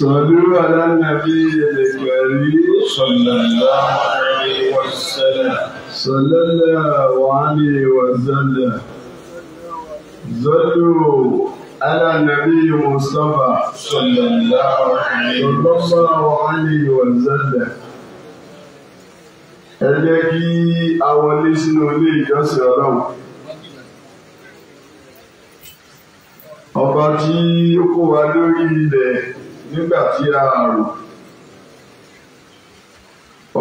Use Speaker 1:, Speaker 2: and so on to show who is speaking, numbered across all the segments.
Speaker 1: صلوا على النبي الكريم صلى الله عليه وسلم صلى الله عليه وسلم صلوا على النبي مصطفى صلى الله عليه وسلم ẹ jẹ́ kí a wọlé sínú ilé ìjọsìn ọlọ́run ọba tí ó kó wa lórí ilẹ̀ nígbà tí a rò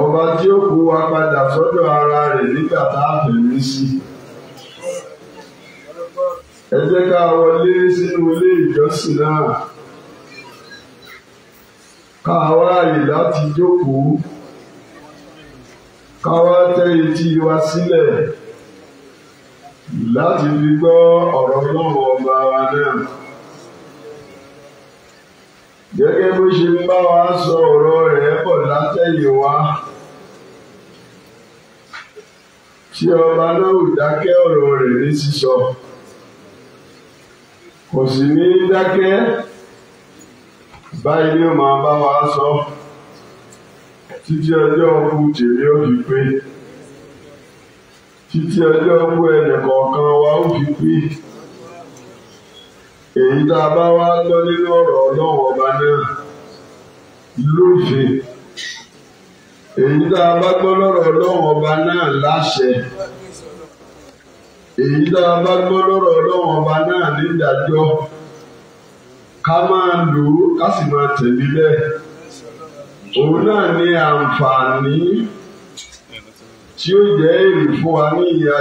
Speaker 1: ọba tí ó kó wa padà sọ́dọ̀ ara rẹ̀ nígbà tá a fẹ̀mí sí ẹ jẹ́ ká wọlé sínú ilé ìjọsìn náà ká wá àyè láti jókòó ká wá tẹ́ etí wa sílẹ̀ láti fi gbọ́ ọ̀rọ̀ Ọlọ́run ọba wa náà gẹ́gẹ́ bó ṣe bá wa sọ ọ̀rọ̀ rẹ̀ bọ̀ látẹ̀yìn wa. tí ọba náà ò dákẹ́ ọ̀rọ̀ rẹ̀ ní sísọ kò sì ní dákẹ́ báyìí ni ó máa bá wa sọ títí ọjọ́ ọkú tèmi ó fi pé títí ọjọ́ ọkú ẹnì kọ̀ọ̀kan wa ó fi pé èyí tá a bá wá gbọ́ nínú ọ̀rọ̀ ọlọ́run ọba náà lófin èyí tá a bá gbọ́ lọ́rọ̀ ọlọ́run ọba náà láṣẹ èyí tá a bá gbọ́ lọ́rọ̀ ọlọ́run ọba náà nídàájọ́ ká máa lò ó ká sì máa tẹ̀lé bẹ́ẹ̀ òun náà ní àǹfààní tí ó jẹ́ èrè fún wa ní ìyá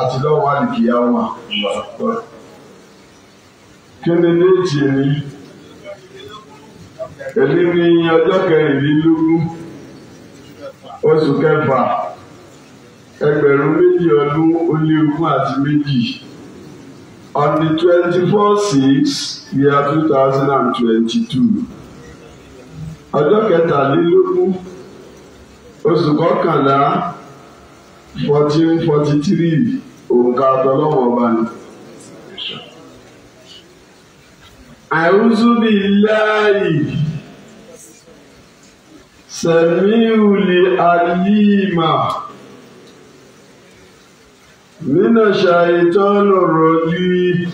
Speaker 1: àti lọ́wọ́ àlùkìyà wọn kíni déètì ni èmi ní oṣù kẹfà ẹgbẹ̀rún méjì ọdún ó àti méjì on the twenty-four six year two thousand and twenty-two ọjọ́ kẹtàlélógún oṣù kọkànlá fourteen forty-three òǹkà àtọlọ́wọ̀n ọba ni. أعوذ بالله سميع العليم من الشيطان الرجيم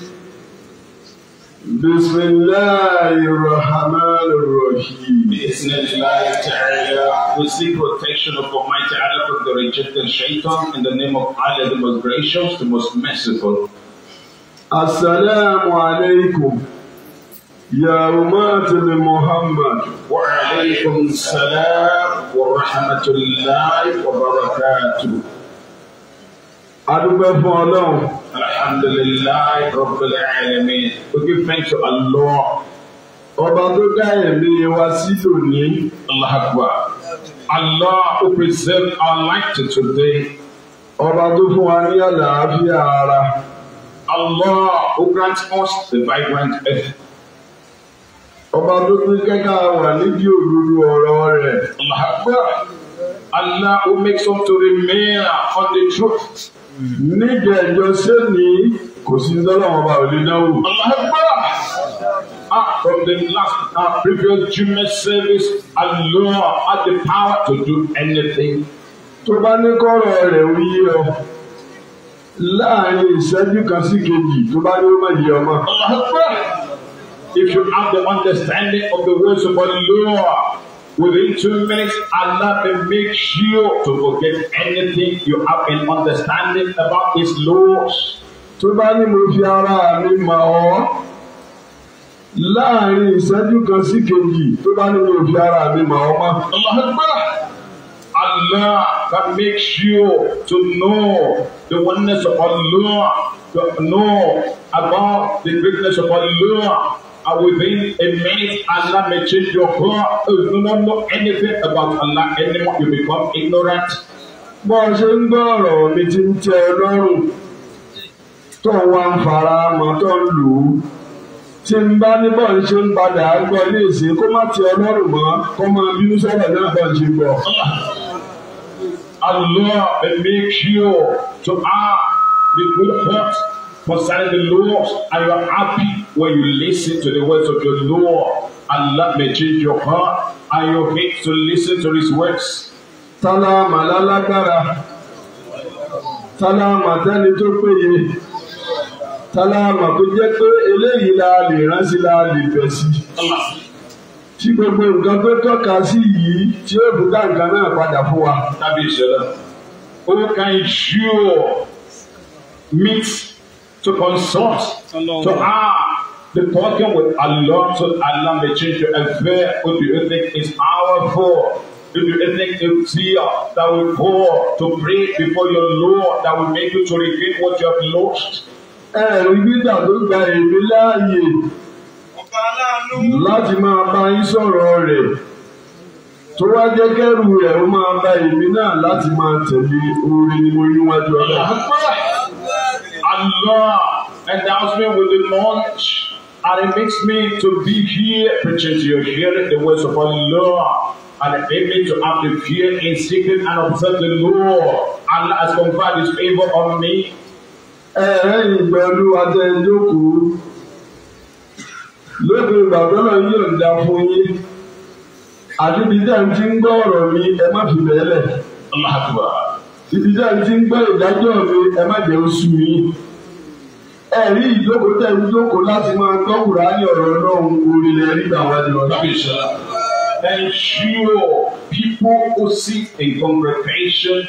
Speaker 1: بسم الله الرحمن الرحيم بسم الله تعالى we seek protection of Almighty Allah from the rejected shaitan in the name of Allah the most gracious the most merciful Assalamu alaikum يا أمة محمد وعليكم السلام ورحمة الله وبركاته adúpẹ́ fún ọlọ́run alhamdulilayi rabbil alamin we give thanks to Allah ọba tó dá ẹ̀mí wa sí lónìí alahagba Allah who preserve our life to today ọba tó fún wa ní àlàáfíà ara Allah who grant us the vibrant earth ọba tó tún wà nídìí òdodo ọ̀rọ̀ rẹ̀. Màgbà Allah who makes us to remain on the truth. Níbi ẹ̀jọ́ sẹ́ni kò sí lọ́wọ́ ọba ò lè dáwò. Màgbà ah, from the last uh, previous Jumma service alone had the power to do anything. Tó bá ní kọ́rọ̀ rẹ̀ wí ọ láàrin ìṣẹ́jú kan sí kejì tó bá ní ó mọ̀ yìí ọmọ. Màgbà if you have the understanding of the words of Allah, within two minutes, Allah will make sure to forget anything you have in understanding about His laws. Tó bá ní mo fi ara mi mọ̀ ọ́, láàrin ìṣẹ́jú kan sí kejì, tó bá ní mo fi ara mi mọ̀ ọ́ mọ́. Allahu Akbar. Allah can make sure to know the oneness of Allah, to know about the greatness of Allah, are within it means Allah may change your heart if oh, you don't know anything about Allah anymore you become ignorant. bó o ṣe ń gbọ́ ọ̀rọ̀ mi ti ń tẹ ẹ lọ́rùn tó wá ń fara mọ́ tó ń lù ú tí ń bá ní bọ́ọ̀lù ṣe ń padà gbọ́ ní èsì kó má ti ọlọ́rùn mọ́ kó máa bínú sọ̀rọ̀ náà bọ́ọ̀lù ṣe gbọ́. Allah will make sure to act the good heart concerning the laws and you are happy when you listen to the words of your Lord, Allah may change your heart and your hate to listen to His words. Sálámà lálágbára, sálámà tẹ́ni tó péye, sálámà tó jẹ́ pé eléyìí la lè rántí la lè bẹ̀ sí. Tí gbogbo nǹkan tó tọ́ka sí yìí tí ó dùn dáǹkan náà padà fún wa. Tàbí ìṣẹ̀lẹ̀. Who can sure meet to consult, to ask. The talking with Allah, so Allah may change your affair. What do you think is our fault? Do you think it's here that we pour to pray before your Lord that will make you to regain what you have lost? Ẹ̀rù gbígbà tó gba èmi láàyè láti máa bá yín sọ̀rọ̀ rẹ̀ tó wá jẹ́ kẹ́rù rẹ̀ ó máa bá èmi náà láti máa tẹ̀lé oore ni mo rí wájú ọ̀la. Allah endowment with the knowledge. And it makes me to be here preaching to you, hearing the words of Allah. And it made me to have the fear in secret and observe the law. Allah has conferred his favor on me. lóde ìgbàgbọ́ náà yóò da fún yín. Àdébí dá ń ti ń gbọ́ ọ̀rọ̀ mi ẹ má fi bẹ́ẹ̀ lẹ̀. Ibi dá ń ti ń gbọ́ ìdájọ́ mi ẹ má jẹ́ oṣù yín ẹ̀rí ìjókòó tẹ̀ ń jókòó láti máa gbọ́ Kùránì ọ̀rọ̀ Ọlọ́run orílẹ̀ rí àwọn ẹni ọ̀dọ́. Ensure people who seek a congregation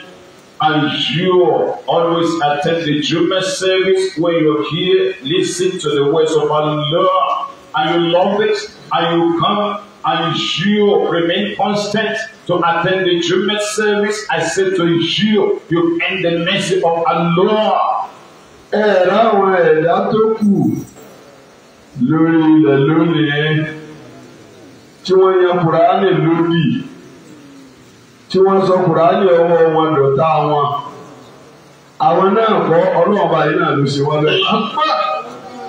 Speaker 1: ensure always attend the Juma service when you are here listen to the words of Allah and you love it and you come Ensure remain constant to attend the Juma service I say to you you end the mercy of Allah. ẹ ráwọn ẹ̀dá tó kù lórí ilẹ̀ lónìí tí wọ́n yan kùránì lódì tí wọ́n sọ kùránì ọwọ́ wọn dọ̀tá wọn àwọn náà kọ́ ọlọ́ọ̀bá yìí náà ló ṣe wọ́n bẹ́ẹ̀.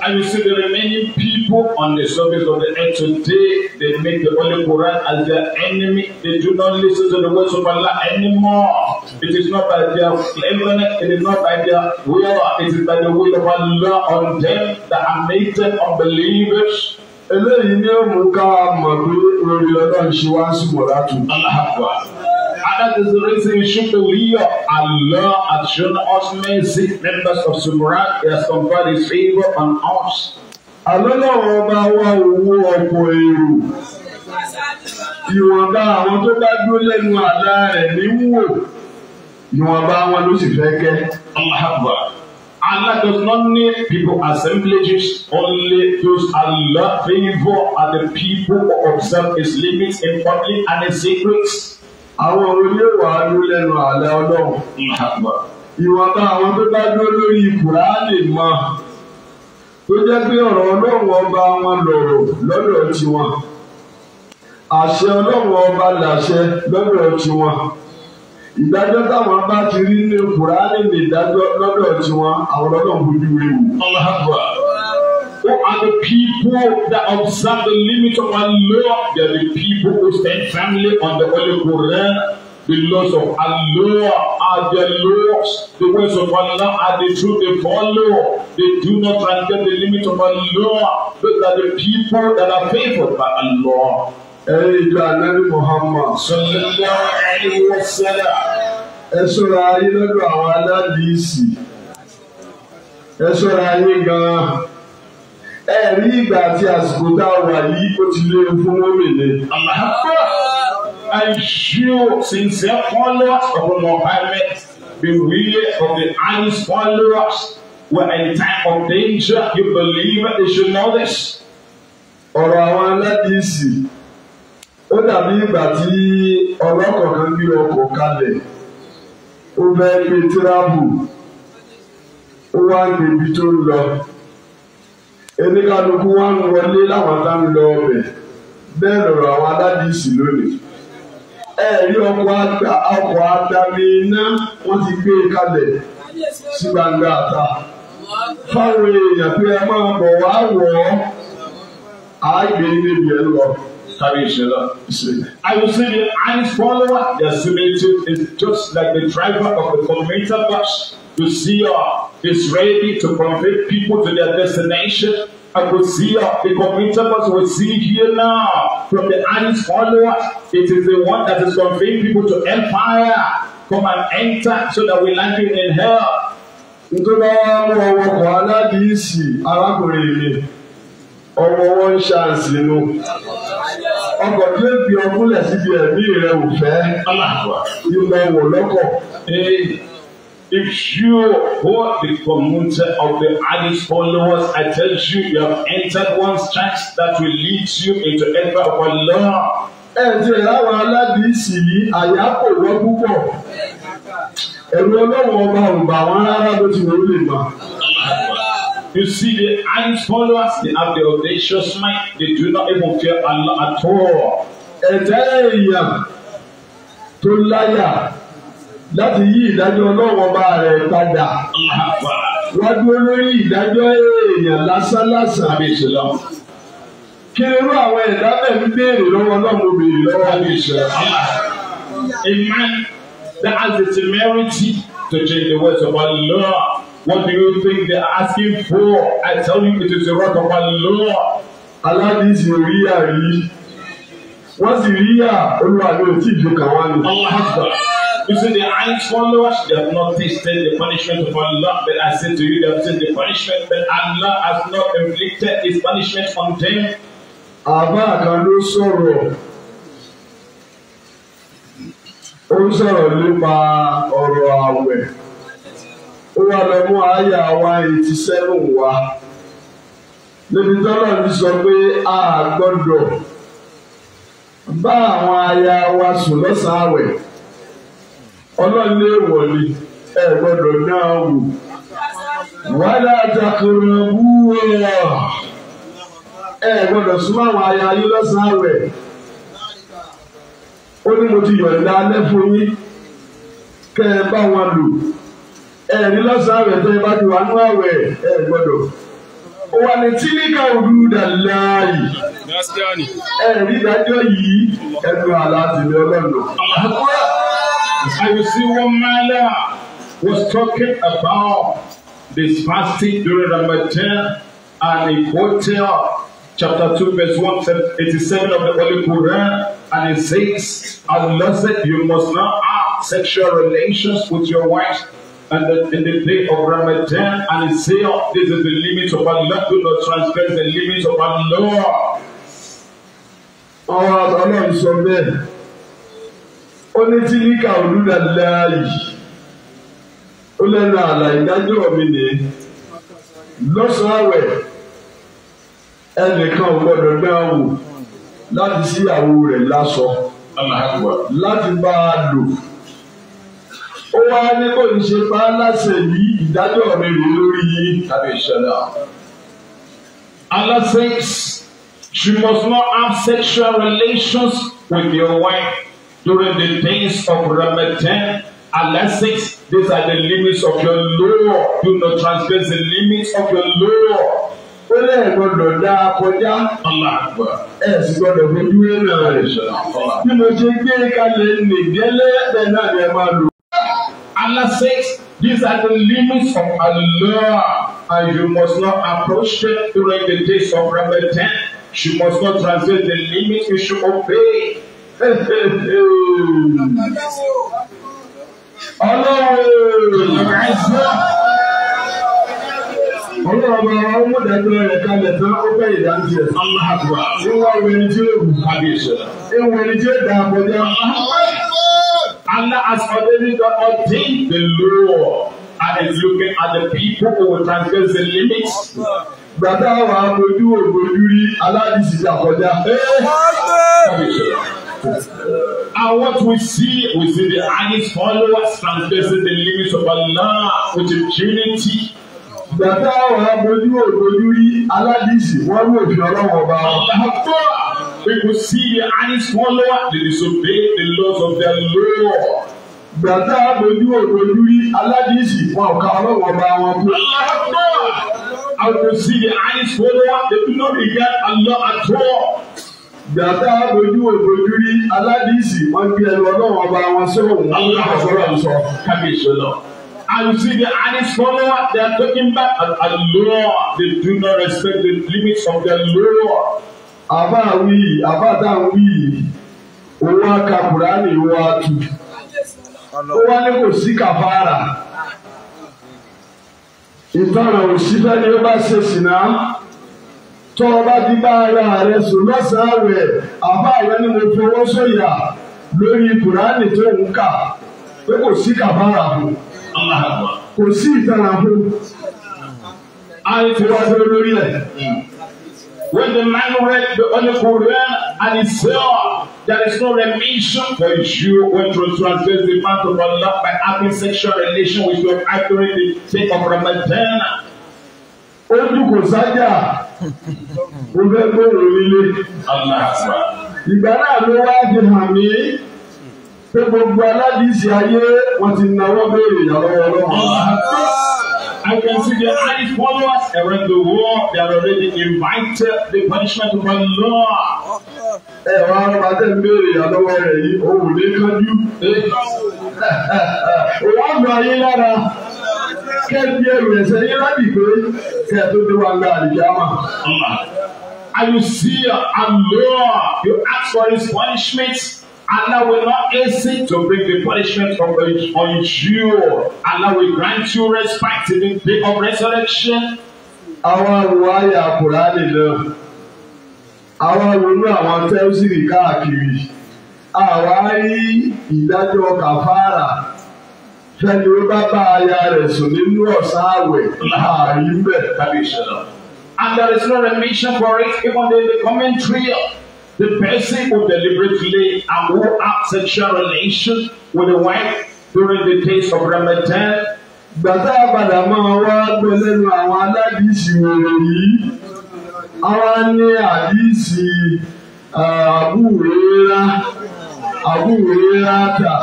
Speaker 1: And you see the remaining people on the surface of the earth today, they make the Holy Quran as their enemy. They do not listen to the words of Allah anymore. It is not by their cleverness, it is not by their will, it is by the will of Allah on them that are them unbelievers. eléyìí ni ó mú ká mọ̀ pé orí ọlọ́run ṣe wá sí mọ̀ látùn that is the reason we should believe Allah has shown us mercy, members of Sumrat, He has conferred His favor on us. Àlọ́lọ́wọ́ ọba wa owó ọkọ̀ èrò. Ìwọ̀nba àwọn tó bá dúró lẹ́nu àlá rẹ̀ ní wò. Ìwọ̀nba wọn ló sì fẹ́ kẹ́. Alahaba. Allah does not need people assemblages only those Allah favour are the people who observe his limits in public and in secret àwọn oníwà ló lẹ́nu àlẹ́ ọlọ́run. ìwọ̀nba àwọn tó bá dúró lórí kùránì mọ́ tó jẹ́ pé ọ̀rọ̀ ọlọ́run ọba wọn lọ̀rọ̀ lọ́dọ̀ tiwọn àṣẹ ọlọ́run ọba làṣẹ lọ́dọ̀ tiwọn ìdájọ́ táwọn bá ti rí ní kùránì ní ìdájọ́ lọ́dọ̀ tiwọn àwọn ọlọ́run bójú ewu. Who are the people that observe the limits of Allah? They are the people who stand firmly on the Holy Quran. The laws of Allah are the laws. The ways of Allah are the truth they follow. They do not transgress the limits of Allah. Those are the people that are favored by Allah. Ẹ̀yin ìjọ Ànábì Muhammad. Sallallahu alayhi wa sallam. Ẹ ṣọ́ra ayé lọ́dọ̀ àwọn aládìísì. Ẹ ṣọ́ra ayé gan-an ẹ̀rí ìgbà àti àsìkò tá a wà yìí ó ti lé fún mọ́mìnì. I show sincere followers of Muhammad, beware of the honest followers, where in time of danger you believe they should know this. Ọ̀rọ̀ àwọn aládìsí, ó dàbí ìgbà tí ọlọ́kọ̀ kan gbé ọkọ̀ kalẹ̀, ó bẹ́ẹ̀ pé tíráàbù, ó wá gbèbí tó ń lọ eníkàlùkù wọn ń wọlé láwọn tá ń lọ ọbẹ̀ bẹ́ẹ̀ lọ̀rọ̀ àwọn aládìsí lónìí ẹ̀rí ọkọ̀ àgbà ọkọ̀ àdàmì iná wọ́n ti gbé e kalẹ̀ sí gbangba àta fáwọn èèyàn pé ẹ máa bọ̀ wá wọ̀ ọ́ àgbè níbi ẹ lọ tàbí ìṣẹ̀lẹ̀ ìṣẹ̀lẹ̀. I will say the eyes follower their similitude is just like the driver of the tormentor bus. Uzziah is ready to convey people to their destination. And Uzziah, the commitment we see here now from the Addis followers, it is the one that is conveying people to empire. Come and enter so that we land you in hell. Nítorí wọ́n mú ọwọ́ kan aládìísì arákùnrin mi, ọwọ́ wọn ń ṣàǹsì nù. tí ó gbé ọkúnlẹ̀ síbi ẹ̀mí rẹ̀ ò fẹ́. Ìmọ̀ wò lọ́kọ̀. If you are the promoter of the highest followers, I tell you, you have entered one church that will lead you into heaven of Allah. Ẹ̀jẹ̀ láwọn aládìísì yìí àyà kò wọ́n púpọ̀. Ẹ̀rù ọlọ́wọ́ ọba ò bà wọ́n rárá bó ti wọ́n lè gbà. You see, the highest followers, they have the audacious mind, they do not even fear Allah at all. Ẹ̀jẹ̀ èèyàn tó láyà láti yí ìdájọ́ ọlọ́run ọba rẹ̀ padà. Wọ́n dúró lórí ìdájọ́ èèyàn lásánlásán àbíṣe lọ. Kí ni irú àwọn ẹ̀dá bẹ́ẹ̀ ń béèrè lọ́wọ́ ọlọ́run obìnrin lọ́wọ́ àbíṣe lọ? A man that has the temerity to change the words of Allah. What do you think they are asking for? I tell you it is the wrath of Allah. Allah is your real. Wọ́n sì real? Allah olúwa ló ti dùn kàn wá lò. You see, the eyes followers, they have not tasted the punishment of Allah. But I say to you, they have tasted the punishment, but Allah has not inflicted his punishment on them. Àbá kan sọ̀rọ̀. Ó ń sọ̀rọ̀ nípa ọ̀rọ̀ àwẹ̀. Ó wá lọ àyà wa eighty seven wá. Níbi tọ́lá ti sọ pé a gbọ́dọ̀ bá àwọn aya wa sùn lọ́sàn-án àwẹ̀ ọlọ́run lè wọlé ẹ gbọ́dọ̀ náà wò
Speaker 2: wàhálà àtàkùrọ̀
Speaker 1: wúwo ẹ gbọ́dọ̀ súnmọ́ àwọn aya yín lọ́sàn-án rẹ̀ ó ní mo ti yọ̀ǹda alẹ́ fún yín kẹ́ ẹ bá wọn lò ẹ ní lọ́sàn-án rẹ̀ tẹ́ ẹ bá ti wà nú àwẹ̀ ẹ gbọ́dọ̀ ó wà ní tílíkà òdu dàláyì ẹ rí ìdájọ́ yìí ẹnu àlá tìlẹ̀ ọlọ́run. I will see one Mala was talking about this fasting during Ramadan and in hotel chapter 2 verse 187 of the Holy Quran and it says Allah said you must not have sexual relations with your wife and the, in the day of Ramadan and it says oh, this is the limit of Allah do not transgress the limit of Allah. Àwọn àtàlọ́ ìsọ bẹ́ẹ̀ ó ní tí níkà olúdaláyì ó lẹ́nu àlà ìdájọ́ mi ní lọ́sàn-án àwẹ̀ ẹnìkan gbọ́dọ̀ náà wò láti síyàwó rẹ̀ lásọ láti bá a lò ó wá ní kò ní ṣe pa á láṣẹ yìí ìdájọ́ mi rè lórí yìí tàbí ìṣẹ̀lẹ̀ Allah says she must not have sexual relations with your wife during the days of Ramadan Allah says these are the limits of your law do not transgress the limits of your law. ó lè gbọdọ̀ dá a ẹ sì gbọdọ̀ fojú ẹ náà bí mo ṣe gbé kalẹ̀ nìgbẹ́lẹ́ bẹ́ẹ̀ náà ni ẹ máa lò. Allah says these are the limits of Allah and you must not approach them during the days of Ramadan. You must not transgress the limits you should obey ọlọ́run àìsàn ọlọ́run ọba àwọn ọmọdéjọ́ rẹ̀ kalẹ̀ tán ó bẹ́ Allah has already done all The law and is looking at the people who will transgress the limits. Gbàdá wa ojú ògbójú rí aládìsí ìjà kọjá. Kábíyèsí. And what we see, we see the highest followers transgressing the limits of Allah with impunity. Ìgbà tí àwọn abojú òdojú rí aládìsí, wọ́n ní òfin ọlọ́wọ́ bá wọn. Àlàfọ́ people see the highest followers, they disobey the laws of their Lord. Ìgbà tí àwọn abojú òdojú rí aládìsí, wọn ò ka ọlọ́wọ́ bá wọn kú. Àlàfọ́ I will see the highest followers, they do not regard Allah at all gbàtà ojú òbójú rí aládìsí wọn gbé ẹnu ọlọ́run ọba wọn sóhùn. aláàbọ̀rọ̀ sọ kábíyèsí lọ. And you see the honest follower, they are talking back at a They do not respect the limits of their law. Àbá wí, àbá dáhùn wí, òun á ka Kùránì òun á tù. Ó wá ní kò sí kàfàrà. Ìtọ́nà òsínfẹ́ ni ó bá ṣe sìnà tọ́ ọ bá fi bá ara rẹ sùn lọ́sàn-án rẹ̀ àbá rẹ ni mo fi owó lórí kùránì tó ń kà pé kò sí kàbára bò kò sí ìtara bò á lórí ẹ̀. When the man read the Holy Quran and he saw there is no remission for a Jew when to transgress the path of Allah by having sexual relation with your accurate the sake of Ramadan ó dúkò sájà ó fẹ́ gbòòrò nílé ìgbà náà ló wá di hàmí pé gbogbo aládìsí ayé wọn ti náwó béèrè ìyàwó ọlọ́run. I can see their eyes followers around the world. They are already invited the punishment of Allah. Ẹ wá ọba tẹ̀ ń oh, àlọ́wọ́ rẹ̀ yìí, òun lè kájú. Òun á gbọ́ ayé lára kẹ́ẹ̀bí ẹrù ẹ̀sẹ̀ yín lábì pé kẹ́ẹ̀ tó dé wa lọ àlìjáàmà. Are you see law? you ask for his punishment. Allah will not easy to bring the punishment from on you. Allah will grant you respect in the day of resurrection. Àwọn àrùn ayé àkùránì náà, àwọn ronú àwọn tẹ́sírì káàkiri, àwa rí ìdájọ́ kàfàrà fẹ́ni ó bá bá aya rẹ̀ sùn nínú ọ̀sán àwẹ̀ láàyè bẹ́ẹ̀ tàbí ìṣẹ̀lẹ̀. And there is no remission for it even in the commentary. The person who deliberately and who have sexual relation with a wife during the days of Ramadan. Gbàtà àbàdà máa wá gbé lẹ́nu àwọn aládìsí wèrè yìí. Àwa ní àdìsí àbúwèéra àbúwèéra tà.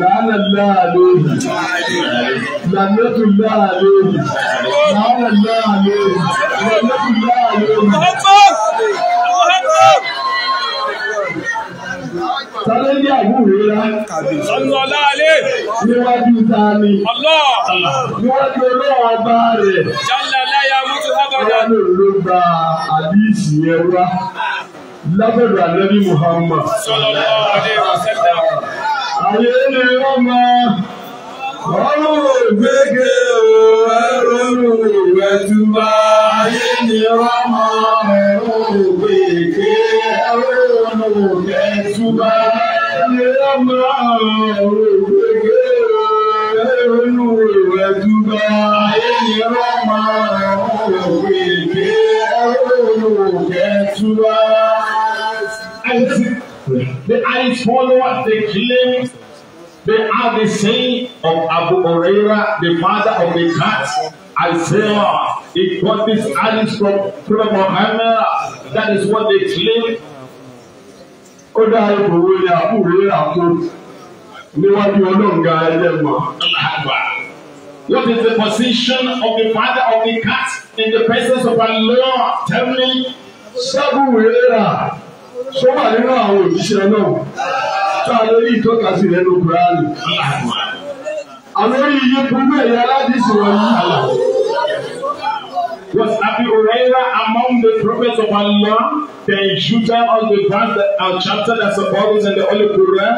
Speaker 1: لعن الله عليه لعنة الله عليه لعن الله عليه
Speaker 2: لعنة
Speaker 1: الله عليه Sáré ní àwúrera. Ọlọ́lá alẹ́. Níwájú ta ni. Ọlọ́. Níwájú ọlọ́run ọba rẹ̀. Jálá láyà mútu hábàdà. Wọ́n lè ló gba àdíìsì yẹn wá. Lábẹ̀rẹ̀ ní Muhammad. Sọlọ́lá alẹ́ wa sẹ́dá. Ayé ni wọ́n máa. Ọlọ́run gbẹ́gẹ́ o, ẹ̀rọ ìwẹ̀túbà. Ayé ni wọ́n máa. Ọlọ́run gbẹ́gẹ́ ẹ̀rọ ìwẹ̀túbà. Ayé ni wọ́n máa. Ọlọ́run gbẹ́gẹ́ ẹ̀rọ ìwẹ̀túbà. Ayé ni wọ́n máa. Ọlọ́run gbẹ́gẹ́ ẹ̀rọ ìwẹ̀túbà. They are his followers, they claim they are the saint of Abu Huraira, the father of the cats. Isaiah, he got this hadith from Prophet Muhammad. That is what they claim. Ó dáa ìbòwò ni àbúrò rà tó níwájú ọlọ́ǹga ẹlẹ́mọ̀. What is the position of the father of the cats in the presence of Allah? Tell me. Sábúrò rà ṣó wà nínú àwọn òṣìṣẹ́ náà tá a lórí ìtọ́ka sí rẹ̀ ló Àlórí iye burúkú ẹ̀yà aládìsí wọ̀nyí. Was Abi Huraira among the prophets of Allah? Then Judah shooted on the verse that, uh, chapter that supports in the Holy Quran.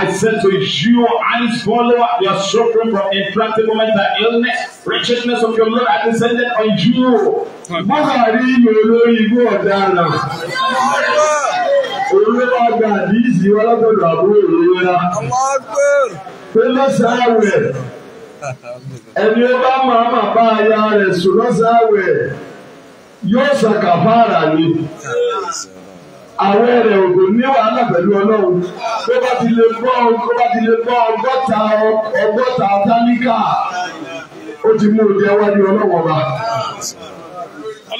Speaker 1: I said to you, and follow up, you are suffering from intractable mental illness, wretchedness of your Lord, I descended on you. Bọ́sà rí ìlú olórí ibú ọ̀daràn olówó àgbà àdìsí ọlọ́gbọ̀dọ̀ àbúrò ìrora. pé lọ́sàn-án àwẹ̀ ẹni ó bá máa bá aya rẹ̀ sùn lọ́sàn àwẹ̀ yóò ṣàkàfàrà ni àwọn ẹrẹ ògbò ní wàhálà pẹ̀lú ọlọ́run tó bá ti lè gbọ́ tó bá ti lè gbọ́ ọgọ́ta ọgọ́ta táníkà ó ti mú un jẹ́ wájú ọlọ́run ọba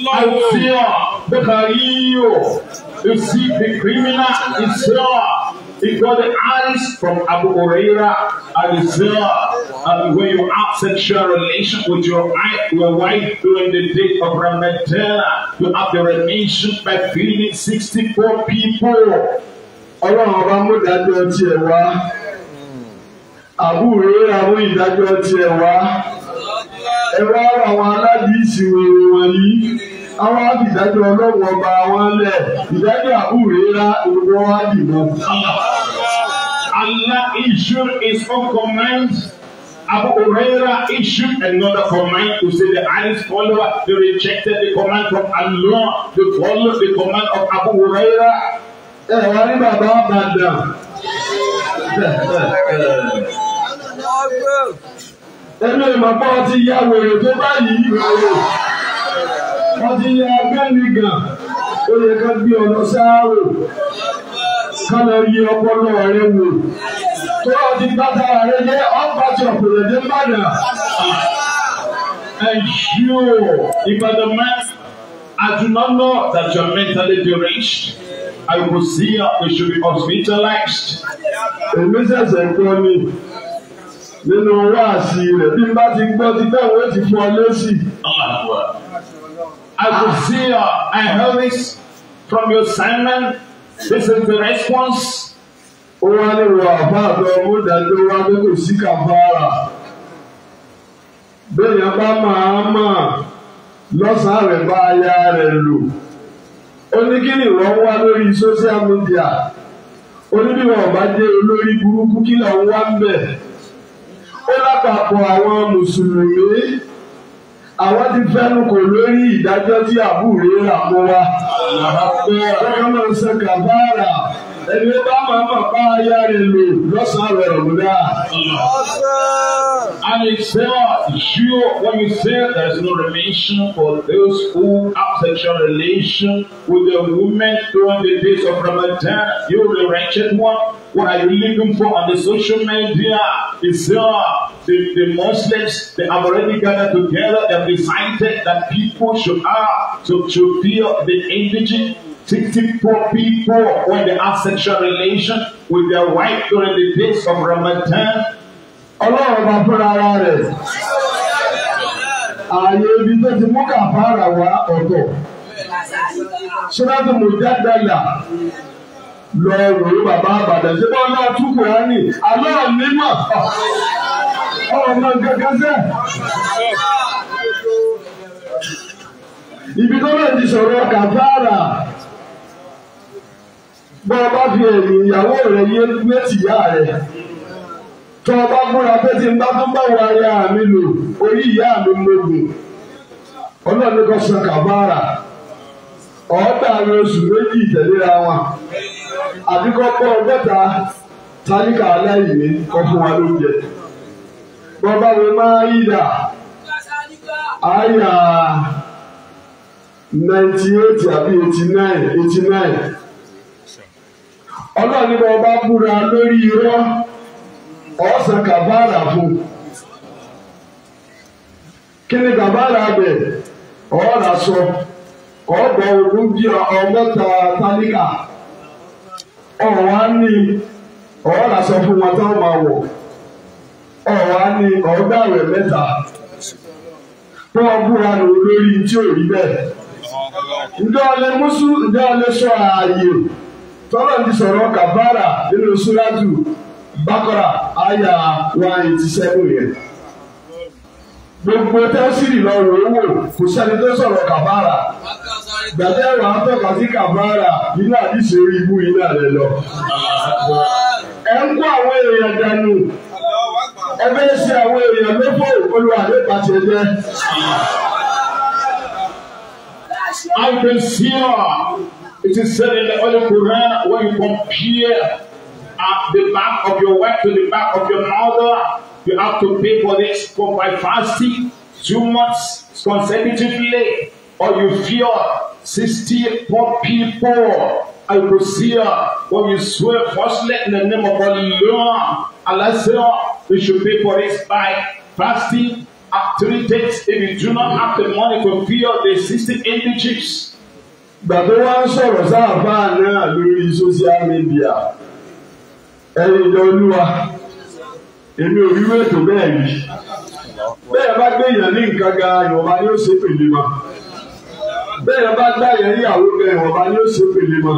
Speaker 2: and fear.
Speaker 1: The you. You see, the criminal is here. He got the eyes from Abu Huraira and is there. And when you have sexual relation with your wife, your wife during the day of Ramadan, you have the relation by feeding 64 people. Ọlọ́run ọba mú ìdájọ́ tiẹ̀ wá. Àbúrò rẹ̀ mú ìdájọ́ tiẹ̀ wá ẹ àwọn aládìísí wèrè wọ̀nyí àwọn àbìdájọ́ ọlọ́wọ́ ọba wọn lẹ̀ ìdájọ́ àbúrẹ́ra ìwọ́ àdìmọ́. Allah issued his own commands. Abu Huraira issued another command to say the Ali's follower, they rejected the command from Allah, to follow the command of Abu Huraira. Ẹ wá ní bàbá Bàdàn ẹnu ìmọ̀pá ọtí ya wèrè tó báyìí wèrè ọtí ya gbẹ́ni gan ó yẹ ká gbé ọ̀nà sáárò ká lọ yí ọpọlọ rẹ wò tó ọtí bàtà rẹ jẹ ọgbà tí ọ̀pọ̀lọ̀ dé padà ensure if I demand I do not know that you are mentally deranged. I will see you. You should be hospitalized. Èmi ṣẹ̀ṣẹ̀ nínú wáàsí rẹ̀ bí n bá ti gbọ́ ti bẹ́ẹ̀ wọ́n ti fún ọ lésì. I will see your, I heard this from your sermon. This is the response. Ó wá ní ìwà àbáàbẹ̀ ọmọdàdé wa pé kò sí kàfàrà. Bẹ́ẹ̀ni a bá máa máa lọ́sàn-án rẹ̀ bá aya rẹ̀ lò. Ó ní kí ni ìwọ wá lórí social media? Ó ní bí wọn ò bá dé olórí burúkú kí làwọn wá ń bẹ̀ ó lápapọ̀ àwọn mùsùlùmí àwọn ti fẹ́nu kò lórí ìdájọ́ tí àbúrò rà mú wa. Wọ́n máa ń sọ kàfàrà ẹni bá máa mọ̀ bá aya rẹ̀ lò lọ́sàn-án rẹ̀ rọ̀gbọ́dá. And it's says, sure when you say there is no remission for those who have sexual relation with a woman during the days of Ramadan, You're the wretched one, what are you looking for on the social media? It says, the, the Muslims, they have already gathered together, they decided that people should, have, to to be the indigent Treating poor people when they have sexual relation with their wife during the days of Ramadan. Ọlọ́run bá fúnra ara rẹ̀. Ààyè ibi tó ti mú kàfàrà wá ọ̀tọ̀. Ṣọ́nàtò Mùjádàlà lọ rò ó bàbá Àbàdàn ṣé bọ́lá túkọ̀ á nì. Àlọ́ nímọ̀. Ọ̀nà gẹ́gẹ́ sẹ́ ibi tó lè ti sọ̀rọ̀ kàfàrà. bọ́ ọba fi ẹ̀yìn ìyàwó rẹ̀ yé méjìyá rẹ̀ tọ́ ọba múra pé tí n bá tún bá wọ aya mi lò orí ìyá mi mo gùn sọ kàbára ọ̀ọ́dà oṣù méjì ìtẹ̀léra wọn àbíkọ́ ọgọ́ta tálíkà aláìní kọ́ ọlọ́run ní bọ́ọ̀ búra lórí irọ́ ọ̀sán kàbáàrà fún kí ni kàbáàrà bẹ̀ ọ̀ọ́rà sọ ọ̀bọ̀ ogun bí ọgọ́ta ọ̀wá ní ọ̀ọ́rà sọ fún wọn táwọn máa wọ̀ ọ̀wá ní ọ̀ọ́gbàwẹ̀ mẹ́ta fún ọbúra lórí tí ò rí bẹ́ẹ̀ ǹjẹ́ ọ lè mú sùn ǹjẹ́ ọ lè sọ tọ́lọ̀ ti sọ̀rọ̀ kàbárà nínú súrátù bákọ́rà àyà one eighty seven yẹn gbogbo tẹ́sírì lọ rò ó wò kò sẹ́ni tó sọ̀rọ̀ kàbárà gbàtẹ́ wà á tọ́ka sí kàbárà nínú àdìsí orí ibú yìí náà lẹ lọ. ẹ ń kó àwọn èèyàn dànù ẹ fẹ́ ṣe àwọn èèyàn lóko olùwà nípa ti jẹ́. I've been sealed. It is said in the Holy Quran when you compare uh, the back of your wife to the back of your mother, you have to pay for this for by fasting two months consecutively, or you fear 60 poor people. I will see when you swear falsely in the name of Allah. Allah said oh, you should pay for this by fasting at three days if you do not have the money to fear the 60 individuals gbà tó wá ń sọ̀rọ̀ sáàbà náà lórí social media ẹni ìjọ olúwa èmi ò wíwé ètò bẹ́ẹ̀ rí bẹ́ẹ̀ bá gbé èèyàn ní nǹkan ga ìwọ̀nba ni ó ṣe pèlè mọ́ bẹ́ẹ̀ bá gbá èèyàn níyàwó ga ìwọ̀nba ni ó ṣe pèlè mọ́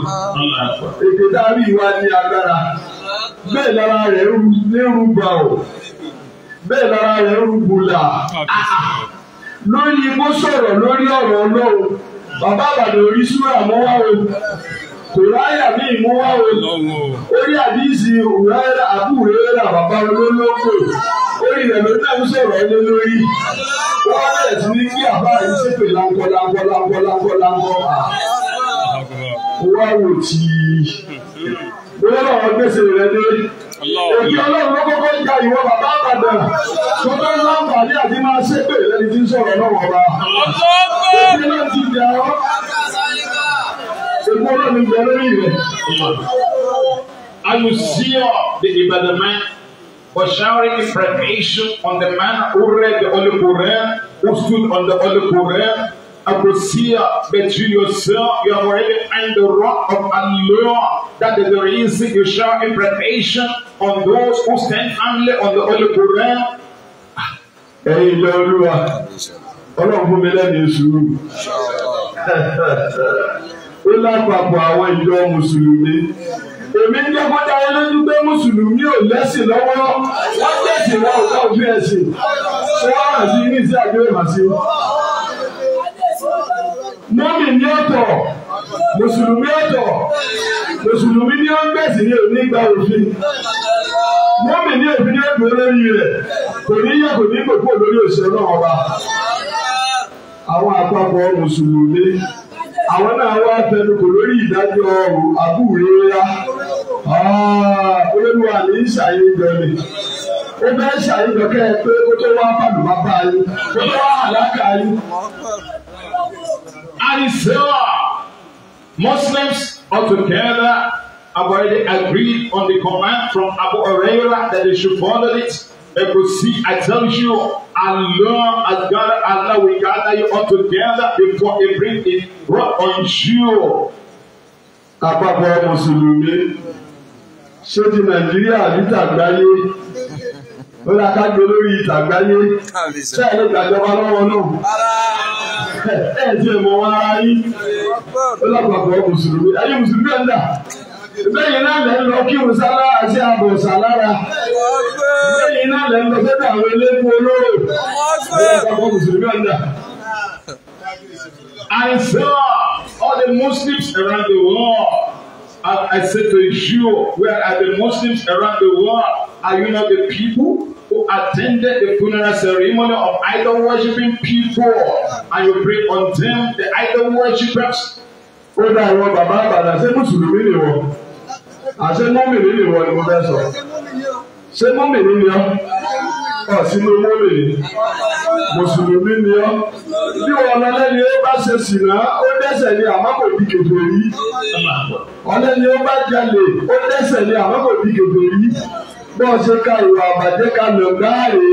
Speaker 1: ètò dárí ìwà ní agbára bẹ́ẹ̀ lára rẹ̀ léwu gbà ọ́ bẹ́ẹ̀ lára rẹ̀ rúgbùlà lórí bó sọ̀rọ̀ lórí ọ̀rọ̀ ọlọ́run bàbá àbàdàn orí súnmọ́ àmọ́wá o kòláyà ní ìmúwá o orí àdìsí òwúrẹ́rẹ́ àbúrẹ́rẹ́ bàbá olólógbò orí rẹ̀ ló náà ń sọ̀rọ̀ ẹni lórí wọ́n bẹ̀rẹ̀ sí ní kí àbá yìí ṣépè láńkọ́ láńkọ́ láńkọ́ láńkọ́ láńkọ́ wá wò tí bóyá àwọn gbèsè rẹ̀ dé èmi ọlọ́run ló kọ́kọ́ ja ìwọ bàbá àbàdàn tó bá ń láǹfààní àti máa ṣépè lẹ́ni tí ń sọ̀rọ̀ náà wọ̀ bá. náà ti jà ọ́ èmi ọlọ́run gbẹ lórí rẹ̀. Are you sure the Ibadan man was showering his preparation on the man who read the Holy Quran, who stood on the Holy Quran, Aposia, but you yourself, you are already under the rock of Allah That is the reason you shower impregnation on those who stand firmly on the Holy Quran. Ẹyin ilé olúwa, ọlọ́run fún mi lẹ́nu sùúrù. Ó lápapọ̀ àwọn ìjọ Mùsùlùmí. Èmi ń dẹ́kun dáwọ́ lójú pé Mùsùlùmí ò lẹ́sìn lọ́wọ́. Wọ́n tẹ̀sìn wọn ò ká òfin ẹ̀sìn. Ṣé wọ́n rà sí ní ìsí àgbélé màsí?
Speaker 2: mọ́mì ní ọ̀tọ̀
Speaker 1: mùsùlùmí ọ̀tọ̀ mùsùlùmí ni ó ń gbèsè ní òní gba òfin mọ́mì ní òfin ní òkú olórí rẹ̀ kò ní yẹ kò ní kókó lórí òṣèlú náà wá. àwọn àpapọ̀ mùsùlùmí àwọn náà wá fẹnukò lórí ìdájọ́ àbúrò rírá olórí wa ní ni ó pé tó wá pàdùmá and Israel. Muslims altogether have already agreed on the command from Abu Huraira that they should follow it. And proceed. I tell you, Allah has gathered, Allah will gather you all together before He bring it wrath on you. Àpapọ̀ Mùsùlùmí, ṣé ti Nàìjíríà ní tàgbáyé? ó yà lórí ìtàgbáyé bẹ́ẹ̀ ló gbàjọba lọ́wọ́ náà ẹ̀ tí èèmọ̀ wọn ara yín ó lápapọ̀ mùsùlùmí ayé mùsùlùmí ẹ̀ ń náà lẹ́ ń lọ kírun sálára àti àbòsà lára lẹ́yìn náà lẹ́ ń lọ sẹ́dọ̀ àwọn elépo olóró lápapọ̀ mùsùlùmí ẹ̀
Speaker 2: I saw
Speaker 1: all the Muslims around the world. I, I said to you, where are the Muslims around the world? Are you not the people who attended the funeral ceremony of idol worshipping people? And you bring on them the idol worshippers? Ó dá àwọn bàbá àgbàdà ṣé Mùsùlùmí ni wọ́n? Àṣé mọ́mìnì ni wọ́n ni mo fẹ́ sọ? Ṣé mọ́mìnì ni ọ́? Ọ̀ sínú mọ́mìnì. Mùsùlùmí ni ọ́. Bí wọn lọ lẹ́ni ó bá ṣe sìnà, ó dẹ́ṣẹ̀ ni àmọ́ kò di kèfèrí. Ẹ ọlẹ́ni ó bá jalè ó dẹ́sẹ̀ ni àwọn kò di gègé rí bó ṣe ka ìwà àbàjẹ́ ka lọ gáàrí.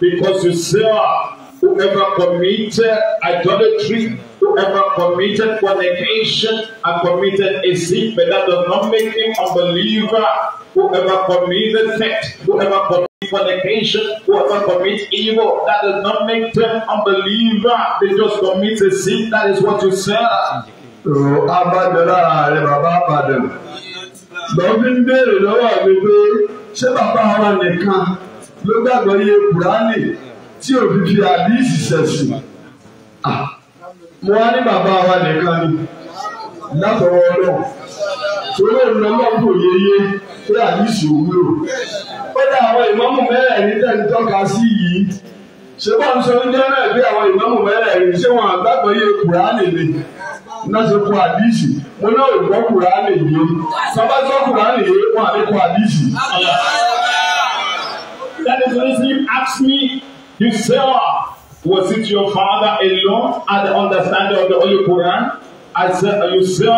Speaker 1: Because you saw ah, whoever committed idolatry, whoever committed fornication and committed a sin, but that does not make him unbeliever. Whoever committed theft, whoever committed fornication, whoever committed evil, that does not make them unbeliever. They just commit a sin. That is what you say ro abájọ lára rẹ bàbá àbàdàn lọ́ọ́ fi ń béèrè lọ́wọ́ mi pé ṣé bàbá wa nìkan ló gbàgbọ́ iye kùránì tí òfin fi àdíìsì ṣẹ̀sìn mo wá ní bàbá wa nìkan ni látọwọ́ náà torí òun náà máa ń kò yeye pé àdíìsì òwúlò ó dá àwọn ìmáàmù mẹ́rẹ̀ẹ̀rin tẹ́ni tọ́ka sí yìí ṣé bọ́n sọ ní jẹ́rẹ̀ bí àwọn ìmáàmù mẹ́rẹ̀ẹ̀rin ṣé wọn àgbàgbọ́ iye kùránì ni náà ṣe kó àdìsí mo náà ò gbọ́ kùránì yìí sábà gbọ́ kùránì yìí wọn àbí kó àdìsí. That is why he asked me, you say what? Was it your father alone at the understanding of the Holy Quran? I said, you say